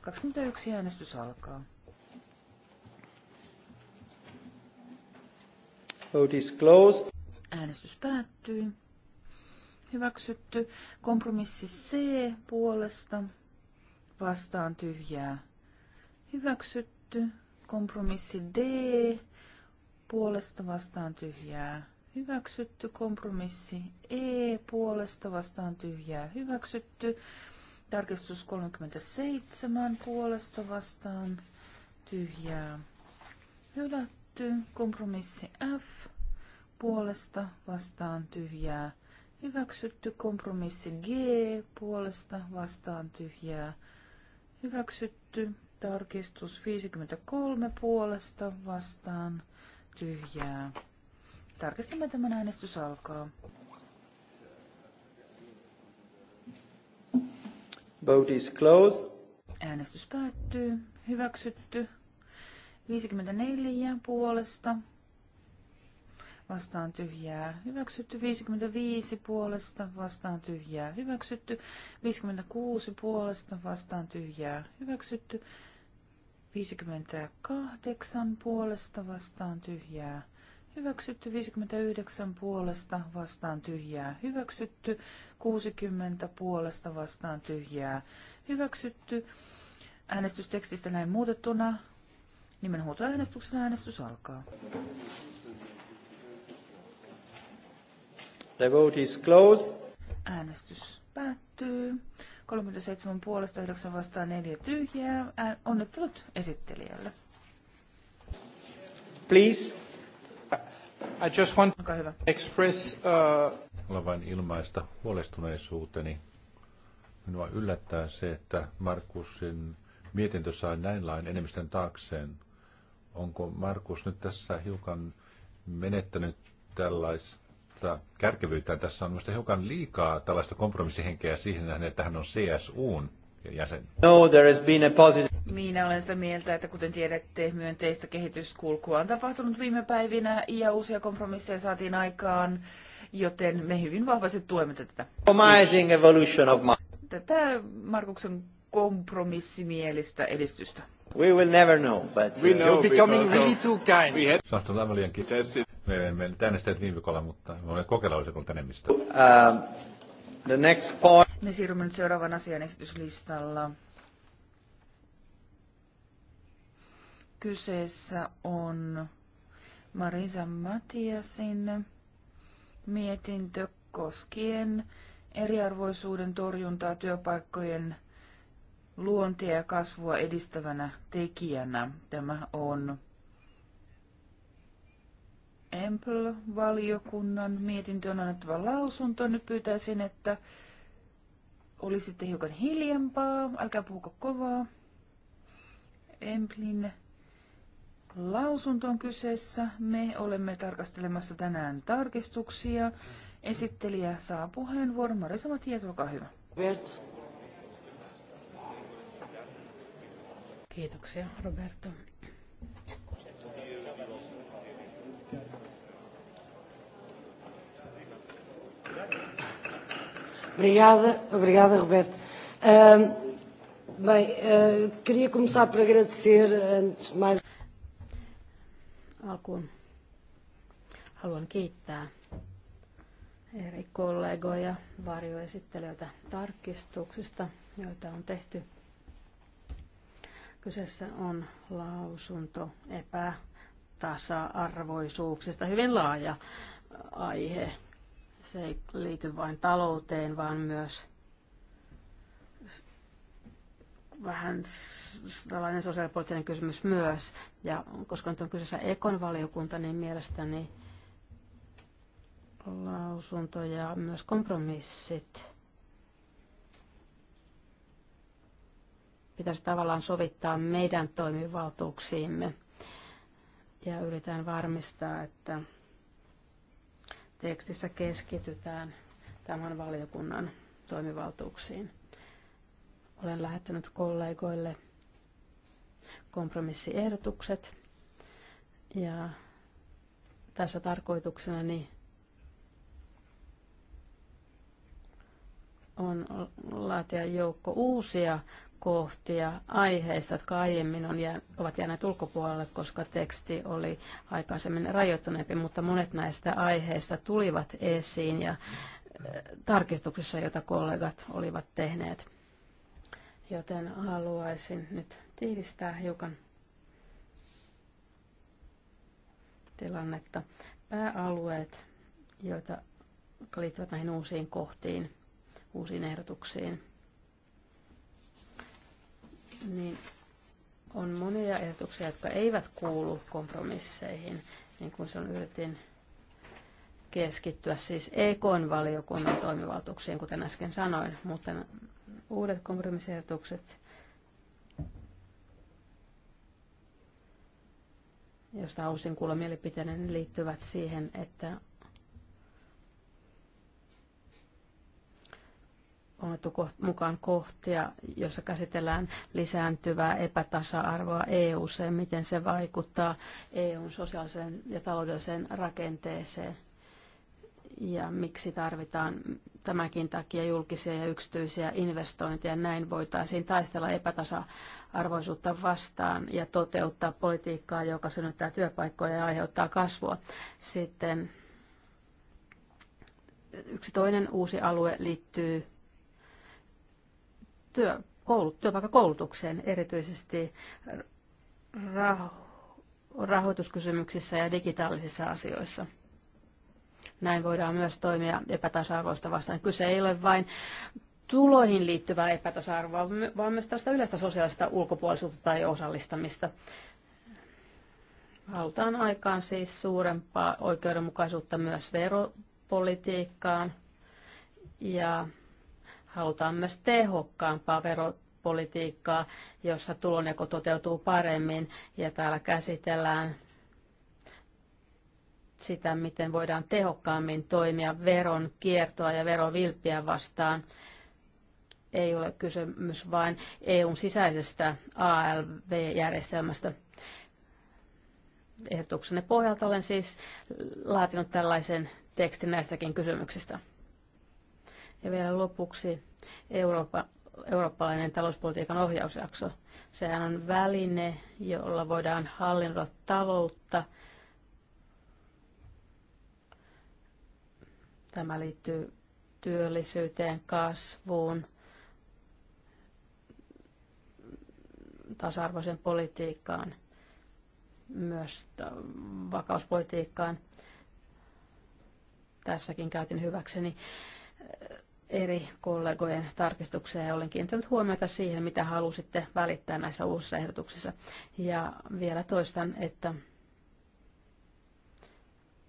21 äänestys alkaa. Vote is closed. Äänestys päättyy. Hyväksytty. Kompromissi C puolesta vastaan tyhjää. Hyväksytty. Kompromissi D puolesta vastaan tyhjää hyväksytty. Kompromissi E puolesta vastaan tyhjää hyväksytty. Tarkistus 37 puolesta vastaan tyhjää hylätty. Kompromissi F puolesta vastaan tyhjää hyväksytty. Kompromissi G puolesta vastaan tyhjää hyväksytty. Tarkistus 53 puolesta vastaan tyhjää Tarkistamme tämän äänestys alkaa. Vote is closed. Äänestys päättyy. Hyväksytty. 54 puolesta. Vastaan tyhjää. Hyväksytty. 55 puolesta. Vastaan tyhjää. Hyväksytty. 56 puolesta. Vastaan tyhjää. Hyväksytty. 58 puolesta. Vastaan tyhjää. Hyväksytty 59 puolesta vastaan tyhjää. Hyväksytty 60 puolesta vastaan tyhjää. Hyväksytty äänestystekstistä näin muutettuna. Nimenhuutoäänestyksen äänestys alkaa. The vote is closed. Äänestys päättyy. 37 puolesta 9 vastaan 4 tyhjää. Onnittelut esittelijälle. Please I just want to express... Uh... Haluan vain ilmaista huolestuneisuuteni. Minua yllättää se, että Markusin mietintö sai näin lain enemmistön taakseen. Onko Markus nyt tässä hiukan menettänyt tällaista kärkevyyttään? Tässä on minusta hiukan liikaa tällaista kompromissihenkeä siihen nähden, että hän on CSUn jäsen. No, there has been a positive... Minä olen sitä mieltä, että kuten tiedätte, myönteistä kehityskulkua on tapahtunut viime päivinä ja uusia kompromisseja saatiin aikaan, joten me hyvin vahvasti tuemme tätä. Evolution of tätä Markuksen kompromissimielistä edistystä. We will never know, but uh, we know you're becoming really too kind. We had... Sahtunut aivan liian Me emme äänestäneet viime viikolla, mutta me olemme kokeilla olisiko enemmistö. Uh, The next point. Me siirrymme nyt seuraavan asian esityslistalla. Kyseessä on Marisa Matiasin mietintö koskien eriarvoisuuden torjuntaa työpaikkojen luontia ja kasvua edistävänä tekijänä. Tämä on empel valiokunnan mietintö on annettava lausunto. Nyt pyytäisin, että olisitte hiukan hiljempaa, älkää puhuko kovaa. Emplin lausunto on kyseessä. Me olemme tarkastelemassa tänään tarkistuksia. Esittelijä saa puheenvuoron. Marisa Matias, olkaa hyvä. Robert. Kiitoksia, Roberto. Obrigada, obrigada Roberto. Uh, bem, uh, queria começar por agradecer, antes de mais... Alkuun haluan kiittää eri kollegoja, varjoesittelijöitä tarkistuksista, joita on tehty. Kyseessä on lausunto epätasa-arvoisuuksista, hyvin laaja aihe se ei liity vain talouteen, vaan myös vähän tällainen sosiaalipoliittinen kysymys myös. Ja koska nyt on kyseessä Ekon valiokunta, niin mielestäni lausunto ja myös kompromissit pitäisi tavallaan sovittaa meidän toimivaltuuksiimme. Ja yritän varmistaa, että tekstissä keskitytään tämän valiokunnan toimivaltuuksiin. Olen lähettänyt kollegoille kompromissiehdotukset ja tässä tarkoituksena on laatia joukko uusia kohtia aiheista, jotka aiemmin on jää, ovat jääneet ulkopuolelle, koska teksti oli aikaisemmin rajoittuneempi, mutta monet näistä aiheista tulivat esiin ja eh, tarkistuksissa, joita kollegat olivat tehneet. Joten haluaisin nyt tiivistää hiukan tilannetta. Pääalueet, joita liittyvät näihin uusiin kohtiin, uusiin ehdotuksiin, niin on monia ehdotuksia, jotka eivät kuulu kompromisseihin, niin kuin se on yritin keskittyä siis EK-valiokunnan toimivaltuuksiin, kuten äsken sanoin, mutta uudet kompromissiehdotukset, josta halusin kuulla mielipiteeni, liittyvät siihen, että on otettu mukaan kohtia, jossa käsitellään lisääntyvää epätasa-arvoa eu miten se vaikuttaa EUn sosiaaliseen ja taloudelliseen rakenteeseen ja miksi tarvitaan tämäkin takia julkisia ja yksityisiä investointeja. Näin voitaisiin taistella epätasa-arvoisuutta vastaan ja toteuttaa politiikkaa, joka synnyttää työpaikkoja ja aiheuttaa kasvua. Sitten yksi toinen uusi alue liittyy työ, koulut, työpaikkakoulutukseen erityisesti raho, rahoituskysymyksissä ja digitaalisissa asioissa. Näin voidaan myös toimia epätasa-arvoista vastaan. Kyse ei ole vain tuloihin liittyvää epätasa-arvoa, vaan myös tästä yleistä sosiaalista ulkopuolisuutta tai osallistamista. Halutaan aikaan siis suurempaa oikeudenmukaisuutta myös veropolitiikkaan ja Halutaan myös tehokkaampaa veropolitiikkaa, jossa tulonjako toteutuu paremmin ja täällä käsitellään sitä, miten voidaan tehokkaammin toimia veron kiertoa ja verovilppiä vastaan. Ei ole kysymys vain EUn sisäisestä ALV-järjestelmästä. Ehdotuksenne pohjalta olen siis laatinut tällaisen tekstin näistäkin kysymyksistä. Ja vielä lopuksi Eurooppa, eurooppalainen talouspolitiikan ohjausjakso. Sehän on väline, jolla voidaan hallinnoida taloutta. Tämä liittyy työllisyyteen, kasvuun, tasa-arvoiseen politiikkaan, myös vakauspolitiikkaan. Tässäkin käytin hyväkseni eri kollegojen tarkistuksia ja olen kiinnittänyt huomiota siihen, mitä halusitte välittää näissä uusissa ehdotuksissa. Ja vielä toistan, että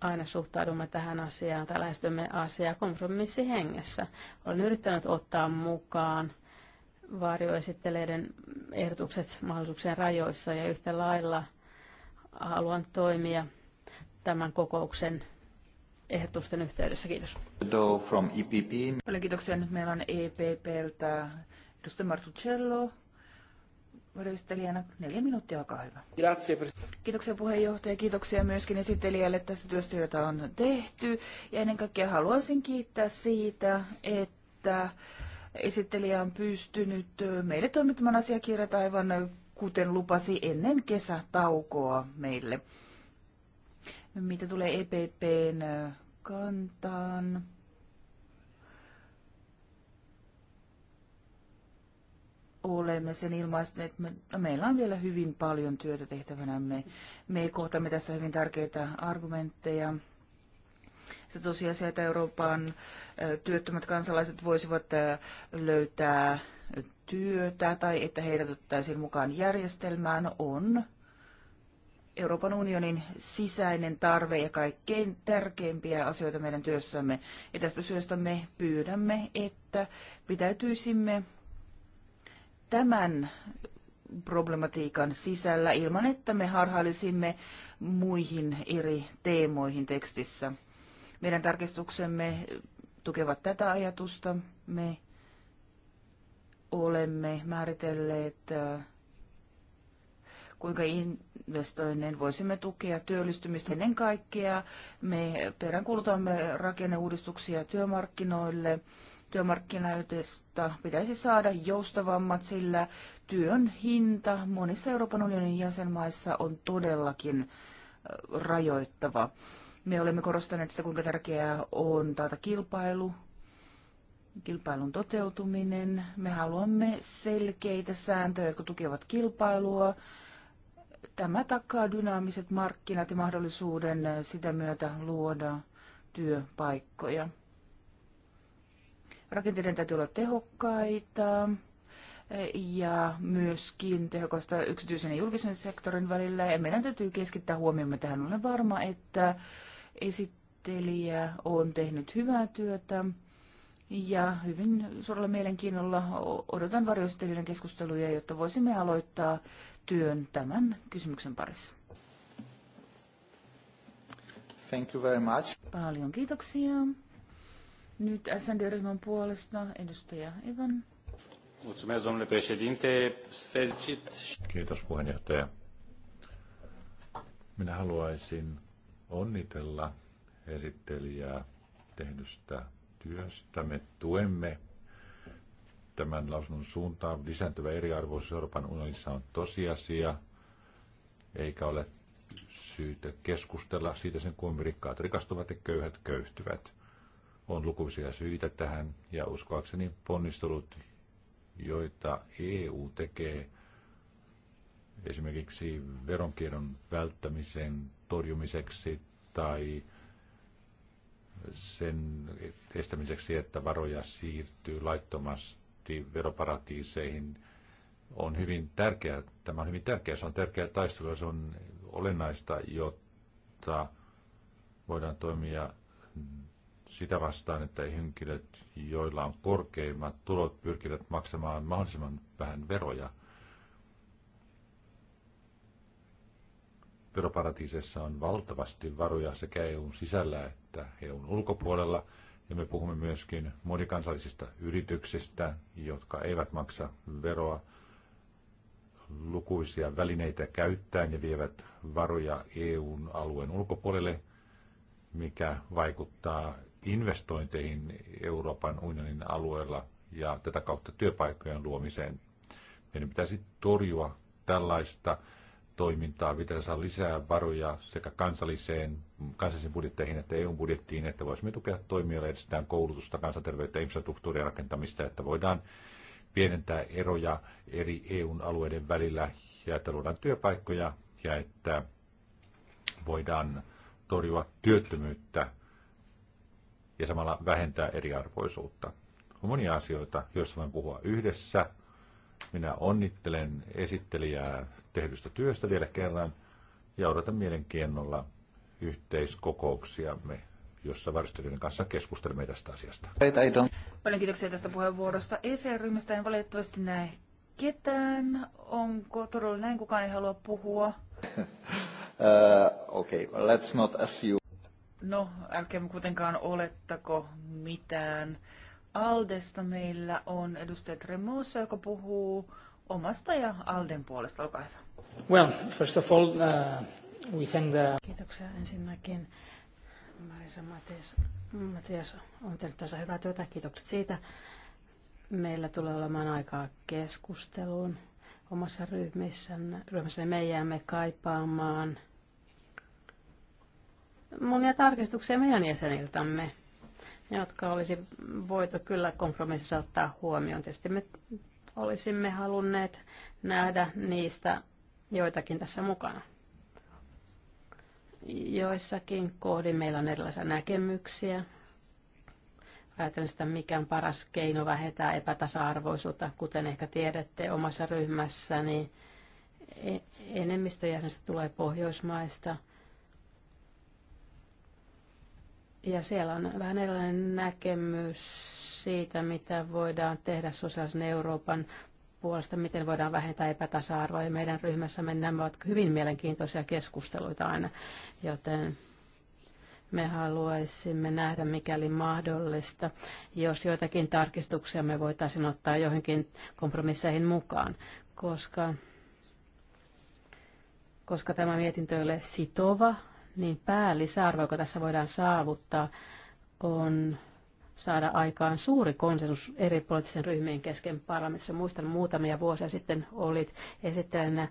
aina suhtaudumme tähän asiaan tai lähestymme asiaa kompromissihengessä. Olen yrittänyt ottaa mukaan varjoesitteleiden ehdotukset mahdollisuuksien rajoissa ja yhtä lailla haluan toimia tämän kokouksen ehdotusten yhteydessä. Kiitos. From EPP. Paljon kiitoksia. Nyt meillä on EPPltä edustaja Martuccello. Varjostelijana neljä minuuttia, olkaa hyvä. Kiitoksia puheenjohtaja, kiitoksia myöskin esittelijälle tästä työstä, jota on tehty. Ja ennen kaikkea haluaisin kiittää siitä, että esittelijä on pystynyt meille toimittamaan asiakirjat aivan kuten lupasi ennen kesätaukoa meille mitä tulee EPPn kantaan. olemme sen ilmaisneet, että me, no meillä on vielä hyvin paljon työtä tehtävänämme. Me kohtamme tässä hyvin tärkeitä argumentteja. Se tosiasia, että Euroopan työttömät kansalaiset voisivat löytää työtä tai että heidät ottaisiin mukaan järjestelmään, on Euroopan unionin sisäinen tarve ja kaikkein tärkeimpiä asioita meidän työssämme. Ja tästä syystä me pyydämme, että pitäytyisimme tämän problematiikan sisällä ilman, että me harhailisimme muihin eri teemoihin tekstissä. Meidän tarkistuksemme tukevat tätä ajatusta. Me olemme määritelleet, äh, kuinka in, investoinnin voisimme tukea työllistymistä ennen kaikkea. Me peräänkuulutamme rakenneuudistuksia työmarkkinoille. Työmarkkinoidesta pitäisi saada joustavammat, sillä työn hinta monissa Euroopan unionin jäsenmaissa on todellakin rajoittava. Me olemme korostaneet sitä, kuinka tärkeää on taata kilpailu, kilpailun toteutuminen. Me haluamme selkeitä sääntöjä, jotka tukevat kilpailua Tämä takaa dynaamiset markkinat ja mahdollisuuden sitä myötä luoda työpaikkoja. Rakenteiden täytyy olla tehokkaita ja myöskin tehokasta yksityisen ja julkisen sektorin välillä. Ja meidän täytyy keskittää huomiomme tähän. Olen varma, että esittelijä on tehnyt hyvää työtä. Ja hyvin suurella mielenkiinnolla odotan varjoistelijoiden keskusteluja, jotta voisimme aloittaa työn tämän kysymyksen parissa. Thank you very much. Paljon kiitoksia. Nyt SND-ryhmän puolesta edustaja Ivan. Kiitos, puheenjohtaja. Minä haluaisin onnitella esittelijää tehdystä työstä. Me tuemme tämän lausunnon suuntaan. Lisääntyvä eriarvoisuus Euroopan unionissa on tosiasia, eikä ole syytä keskustella siitä sen kuin rikkaat rikastuvat ja köyhät köyhtyvät. On lukuisia syitä tähän ja uskoakseni ponnistelut, joita EU tekee esimerkiksi veronkierron välttämisen torjumiseksi tai sen estämiseksi, että varoja siirtyy laittomasti johti veroparatiiseihin, on hyvin tärkeää. Tämä on hyvin tärkeää. Se on tärkeää taistelua. Se on olennaista, jotta voidaan toimia sitä vastaan, että henkilöt, joilla on korkeimmat tulot, pyrkivät maksamaan mahdollisimman vähän veroja. Veroparatiisessa on valtavasti varoja sekä EUn sisällä että EUn ulkopuolella – ja me puhumme myöskin monikansallisista yrityksistä, jotka eivät maksa veroa lukuisia välineitä käyttäen ja vievät varoja EUn alueen ulkopuolelle, mikä vaikuttaa investointeihin Euroopan unionin alueella ja tätä kautta työpaikkojen luomiseen. Meidän pitäisi torjua tällaista toimintaa, pitää saada lisää varoja sekä kansalliseen, kansallisiin budjetteihin että EU-budjettiin, että voisimme tukea toimijoille edistetään koulutusta, kansanterveyttä, infrastruktuurien rakentamista, että voidaan pienentää eroja eri EUn alueiden välillä ja että luodaan työpaikkoja ja että voidaan torjua työttömyyttä ja samalla vähentää eriarvoisuutta. On monia asioita, joista voin puhua yhdessä. Minä onnittelen esittelijää tehdystä työstä vielä kerran ja odotan mielenkiinnolla yhteiskokouksiamme, jossa varustelijoiden kanssa keskustelemme tästä asiasta. Paljon kiitoksia tästä puheenvuorosta. ECR-ryhmästä en valitettavasti näe ketään. Onko todella näin? Kukaan ei halua puhua. uh, Okei, okay. let's not assume. No, älkää kuitenkaan olettako mitään. Aldesta meillä on edustaja Tremosa, joka puhuu omasta ja Alden puolesta. Olkaa hyvä. Well, first of all, uh, we thank the... Kiitoksia ensinnäkin. Marisa Matias, Matias on tehnyt tässä hyvää työtä. Kiitokset siitä. Meillä tulee olemaan aikaa keskusteluun omassa ryhmissämme, ryhmässä me jäämme kaipaamaan monia tarkistuksia meidän jäseniltämme, jotka olisi voitu kyllä kompromississa ottaa huomioon. Tietysti me Olisimme halunneet nähdä niistä joitakin tässä mukana. Joissakin kohdin meillä on erilaisia näkemyksiä. Ajattelen sitä, mikä on paras keino vähentää epätasa-arvoisuutta, kuten ehkä tiedätte omassa ryhmässäni. Niin enemmistö jäsenistä tulee Pohjoismaista – Ja siellä on vähän erilainen näkemys siitä, mitä voidaan tehdä sosiaalisen Euroopan puolesta, miten voidaan vähentää epätasa-arvoa. Ja meidän ryhmässämme nämä ovat hyvin mielenkiintoisia keskusteluita aina, joten me haluaisimme nähdä, mikäli mahdollista, jos joitakin tarkistuksia me voitaisiin ottaa johonkin kompromisseihin mukaan, koska, koska tämä mietintö ei ole sitova, niin päälisäarvo, joka tässä voidaan saavuttaa, on saada aikaan suuri konsensus eri poliittisen ryhmien kesken parlamentissa. Muistan muutamia vuosia sitten olit esittelijänä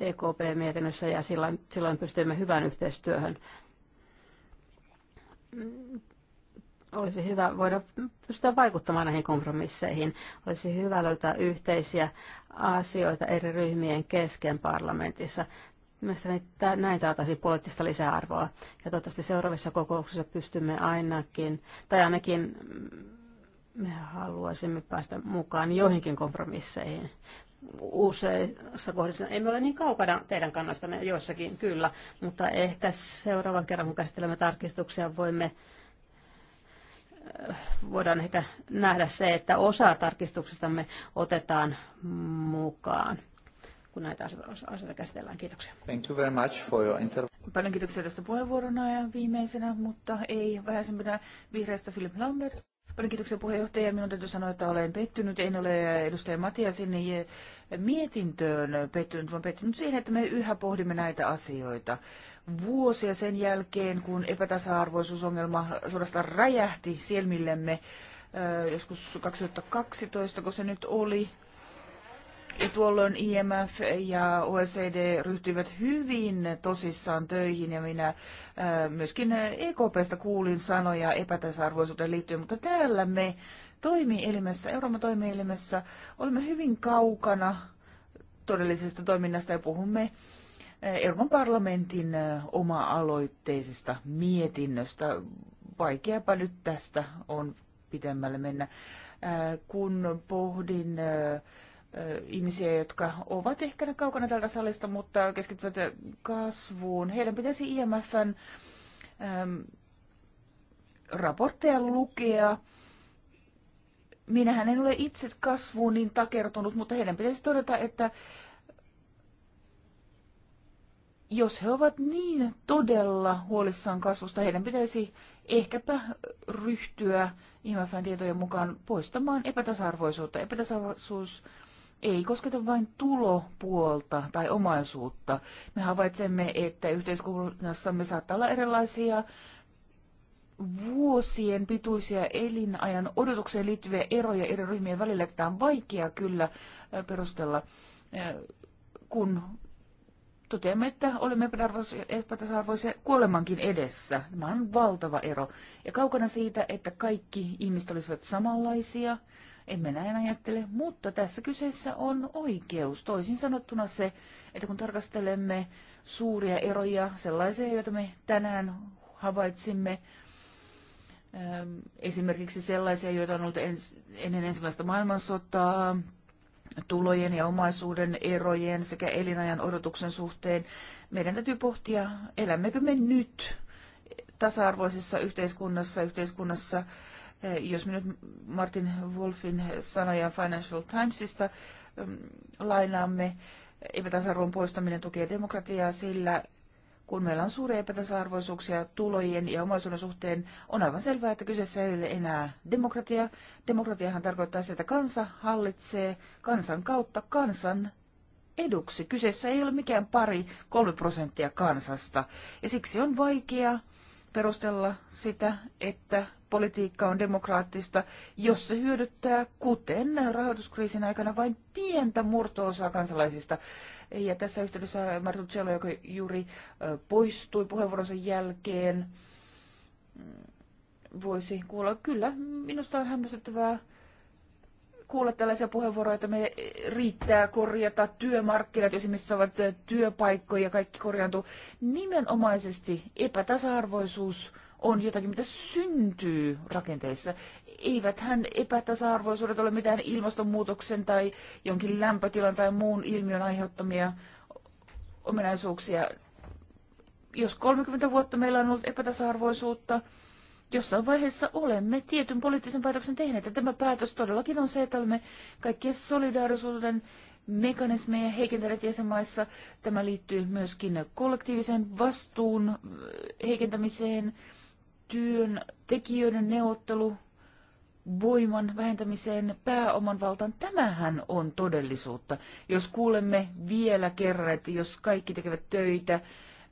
EKP-mietinnössä ja silloin, silloin pystyimme hyvään yhteistyöhön. Olisi hyvä voida pystyä vaikuttamaan näihin kompromisseihin. Olisi hyvä löytää yhteisiä asioita eri ryhmien kesken parlamentissa. Mielestäni näin saataisiin poliittista lisäarvoa. Ja toivottavasti seuraavissa kokouksissa pystymme ainakin, tai ainakin mm, me haluaisimme päästä mukaan joihinkin kompromisseihin. Useissa kohdissa emme ole niin kaukana teidän kannastanne joissakin, kyllä, mutta ehkä seuraavan kerran, kun käsittelemme tarkistuksia, voimme äh, voidaan ehkä nähdä se, että osa tarkistuksistamme otetaan mukaan kun näitä asioita käsitellään. Kiitoksia. Thank you very much for your inter- Paljon kiitoksia tästä puheenvuorona ja viimeisenä, mutta ei vähäisempänä vihreästä Philip Lambert. Paljon kiitoksia puheenjohtaja. Minun täytyy sanoa, että olen pettynyt. En ole edustaja Matiasin niin, eh, mietintöön pettynyt, vaan pettynyt siihen, että me yhä pohdimme näitä asioita. Vuosia sen jälkeen, kun epätasa-arvoisuusongelma suorastaan räjähti silmillemme, eh, joskus 2012, kun se nyt oli, ja tuolloin IMF ja OECD ryhtyivät hyvin tosissaan töihin ja minä äh, myöskin EKPstä kuulin sanoja epätasa-arvoisuuteen liittyen, mutta täällä me toimielimessä, Euroopan toimielimessä olemme hyvin kaukana todellisesta toiminnasta ja puhumme äh, Euroopan parlamentin äh, oma-aloitteisesta mietinnöstä. Vaikeapa nyt tästä on pitemmälle mennä. Kun pohdin ihmisiä, jotka ovat ehkä kaukana tältä salista, mutta keskittyvät kasvuun. Heidän pitäisi IMFn äm, raportteja lukea. Minähän en ole itse kasvuun niin takertunut, mutta heidän pitäisi todeta, että jos he ovat niin todella huolissaan kasvusta, heidän pitäisi ehkäpä ryhtyä IMFn tietojen mukaan poistamaan epätasa-arvoisuutta. Epätasa-arvoisuus ei kosketa vain tulopuolta tai omaisuutta. Me havaitsemme, että yhteiskunnassamme saattaa olla erilaisia vuosien pituisia elinajan odotukseen liittyviä eroja eri ryhmien välillä. tämä on vaikea kyllä äh, perustella, äh, kun toteamme, että olemme epätasa-arvoisia kuolemankin edessä. Tämä on valtava ero. Ja kaukana siitä, että kaikki ihmiset olisivat samanlaisia – emme näin ajattele, mutta tässä kyseessä on oikeus. Toisin sanottuna se, että kun tarkastelemme suuria eroja, sellaisia, joita me tänään havaitsimme, ähm, esimerkiksi sellaisia, joita on ollut ennen ensimmäistä maailmansotaa, tulojen ja omaisuuden erojen sekä elinajan odotuksen suhteen. Meidän täytyy pohtia, elämmekö me nyt tasa-arvoisessa yhteiskunnassa, yhteiskunnassa, Eh, jos minä nyt Martin Wolfin sanoja Financial Timesista mm, lainaamme, epätasarvon poistaminen tukee demokratiaa sillä, kun meillä on suuria epätasa-arvoisuuksia tulojen ja omaisuuden suhteen, on aivan selvää, että kyseessä ei ole enää demokratia. Demokratiahan tarkoittaa sitä, että kansa hallitsee kansan kautta kansan eduksi. Kyseessä ei ole mikään pari kolme prosenttia kansasta, ja siksi on vaikea perustella sitä, että politiikka on demokraattista, jos se hyödyttää, kuten rahoituskriisin aikana, vain pientä murtoosaa kansalaisista. Ja tässä yhteydessä Martuccello, joka juuri poistui puheenvuoronsa jälkeen, mm, voisi kuulla, kyllä, minusta on hämmästyttävää kuulla tällaisia puheenvuoroja, että me riittää korjata työmarkkinat, jos ihmiset saavat työpaikkoja ja kaikki korjaantuu. Nimenomaisesti epätasa-arvoisuus on jotakin, mitä syntyy rakenteissa. Eiväthän epätasa-arvoisuudet ole mitään ilmastonmuutoksen tai jonkin lämpötilan tai muun ilmiön aiheuttamia ominaisuuksia. Jos 30 vuotta meillä on ollut epätasa-arvoisuutta, jossain vaiheessa olemme tietyn poliittisen päätöksen tehneet. Ja tämä päätös todellakin on se, että olemme kaikkien solidaarisuuden mekanismeja heikentäneet jäsenmaissa. Tämä liittyy myöskin kollektiivisen vastuun äh, heikentämiseen, työn tekijöiden neuvottelu, voiman vähentämiseen, pääoman valtaan. Tämähän on todellisuutta. Jos kuulemme vielä kerran, että jos kaikki tekevät töitä,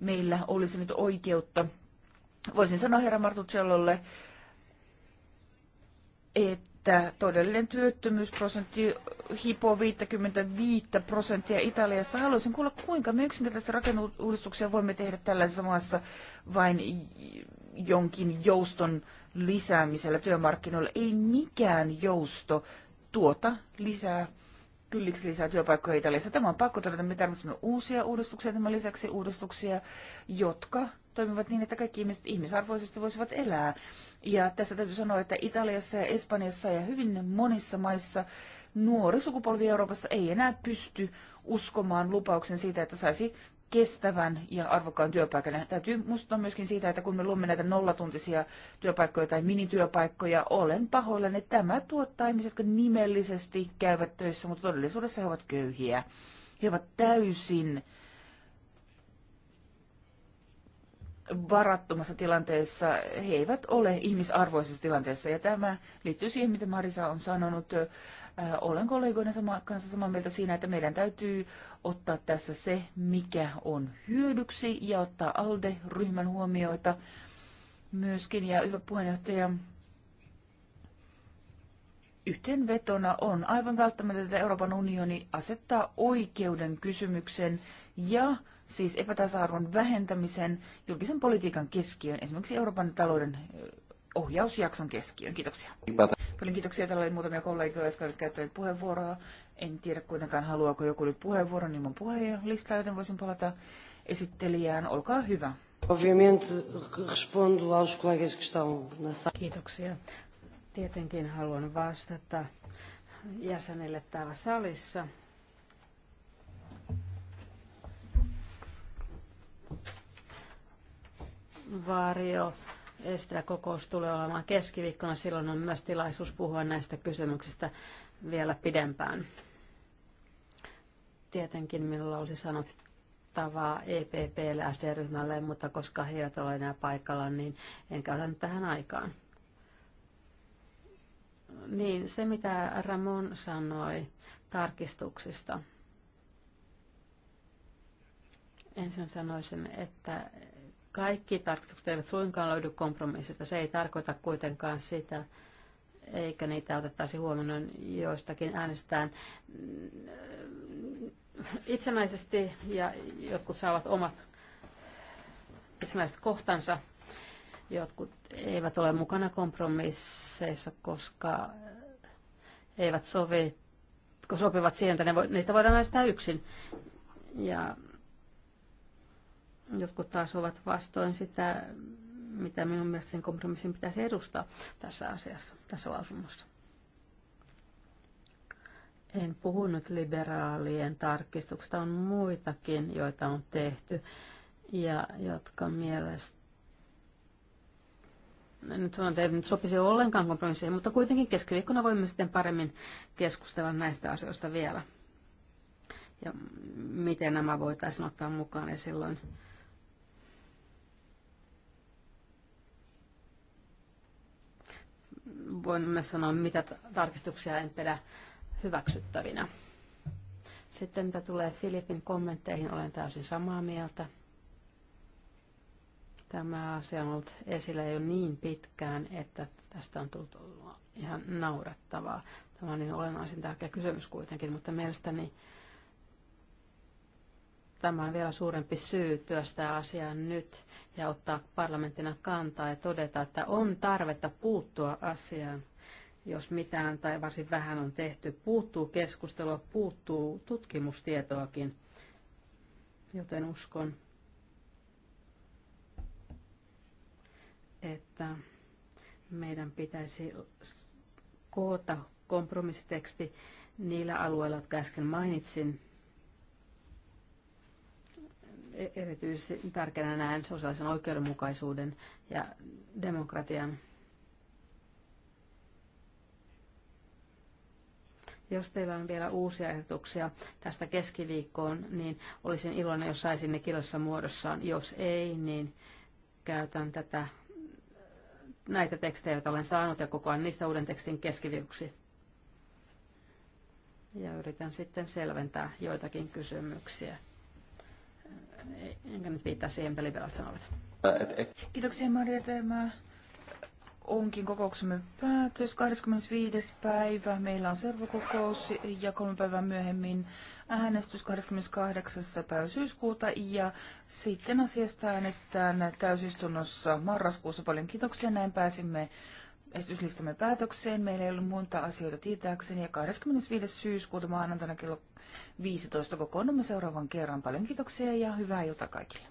meillä olisi nyt oikeutta voisin sanoa herra Martuccellolle, että todellinen työttömyysprosentti hipoo 55 prosenttia Italiassa. Haluaisin kuulla, kuinka me yksinkertaisesti rakennuudistuksia voimme tehdä tällaisessa maassa vain jonkin jouston lisäämisellä työmarkkinoilla. Ei mikään jousto tuota lisää kylliksi lisää työpaikkoja Italiassa. Tämä on pakko todeta, me tarvitsemme uusia uudistuksia tämän lisäksi uudistuksia, jotka toimivat niin, että kaikki ihmiset ihmisarvoisesti voisivat elää. Ja tässä täytyy sanoa, että Italiassa ja Espanjassa ja hyvin monissa maissa nuori sukupolvi Euroopassa ei enää pysty uskomaan lupauksen siitä, että saisi kestävän ja arvokkaan työpaikan. Ja täytyy muistuttaa myöskin siitä, että kun me luomme näitä nollatuntisia työpaikkoja tai minityöpaikkoja, olen pahoillani, että tämä tuottaa ihmiset, jotka nimellisesti käyvät töissä, mutta todellisuudessa he ovat köyhiä. He ovat täysin varattomassa tilanteessa, he eivät ole ihmisarvoisessa tilanteessa. Ja tämä liittyy siihen, mitä Marisa on sanonut. Olen kollegoiden kanssa samaa mieltä siinä, että meidän täytyy ottaa tässä se, mikä on hyödyksi ja ottaa ALDE-ryhmän huomioita myöskin. Ja hyvä puheenjohtaja, yhteenvetona on aivan välttämätöntä, että Euroopan unioni asettaa oikeuden kysymyksen ja siis epätasa-arvon vähentämisen julkisen politiikan keskiöön, esimerkiksi Euroopan talouden ohjausjakson keskiöön. Kiitoksia. Paljon kiitoksia. Täällä oli muutamia kollegoja, jotka ovat käyttäneet puheenvuoroa. En tiedä kuitenkaan, haluaako joku nyt puheenvuoron ilman niin puheenlistaa, joten voisin palata esittelijään. Olkaa hyvä. Kiitoksia. Tietenkin haluan vastata jäsenille täällä salissa varjo estä kokous tulee olemaan keskiviikkona. Silloin on myös tilaisuus puhua näistä kysymyksistä vielä pidempään. Tietenkin minulla olisi sanottavaa EPPlle SD-ryhmälle, mutta koska he eivät ole enää paikalla, niin en käytä nyt tähän aikaan. Niin, se mitä Ramon sanoi tarkistuksista. Ensin sanoisin, että kaikki tarkoitukset eivät suinkaan löydy kompromissista. Se ei tarkoita kuitenkaan sitä, eikä niitä otettaisi huomioon, joistakin äänestään itsenäisesti ja jotkut saavat omat itsenäiset kohtansa. Jotkut eivät ole mukana kompromisseissa, koska eivät sovi, sopivat siihen, että ne vo, niistä voidaan äänestää yksin. Ja Jotkut taas ovat vastoin sitä, mitä minun mielestäni kompromissin pitäisi edustaa tässä asiassa, tässä lausunnossa. En puhunut liberaalien tarkistuksista, on muitakin, joita on tehty ja jotka mielestäni nyt sanon, että ei nyt sopisi ollenkaan kompromissiin, mutta kuitenkin keskiviikkona voimme sitten paremmin keskustella näistä asioista vielä. Ja miten nämä voitaisiin ottaa mukaan ja silloin voin myös sanoa, mitä tarkistuksia en pidä hyväksyttävinä. Sitten mitä tulee Filipin kommentteihin, olen täysin samaa mieltä. Tämä asia on ollut esillä jo niin pitkään, että tästä on tullut ihan naurettavaa. Tämä on niin olennaisin tärkeä kysymys kuitenkin, mutta mielestäni Tämä on vielä suurempi syy työstää asiaa nyt ja ottaa parlamenttina kantaa ja todeta, että on tarvetta puuttua asiaan, jos mitään tai varsin vähän on tehty. Puuttuu keskustelua, puuttuu tutkimustietoakin, joten uskon, että meidän pitäisi koota kompromissiteksti niillä alueilla, jotka äsken mainitsin, erityisesti tärkeänä näen sosiaalisen oikeudenmukaisuuden ja demokratian. Jos teillä on vielä uusia ehdotuksia tästä keskiviikkoon, niin olisin iloinen, jos saisin ne kirjallisessa muodossaan. Jos ei, niin käytän tätä, näitä tekstejä, joita olen saanut, ja kokoan niistä uuden tekstin keskiviikoksi. Ja yritän sitten selventää joitakin kysymyksiä enkä nyt viittaa siihen, mitä liberaalit sanovat. Äh, kiitoksia Maria Tämä onkin kokouksemme päätös. 25. päivä meillä on servokokous ja kolme päivää myöhemmin äänestys 28. päivä syyskuuta ja sitten asiasta äänestetään täysistunnossa marraskuussa. Paljon kiitoksia. Näin pääsimme esityslistamme päätökseen. Meillä ei ollut muuta asioita tietääkseni ja 25. syyskuuta maanantaina kello 15 kokoonnumme seuraavan kerran. Paljon kiitoksia ja hyvää iltaa kaikille.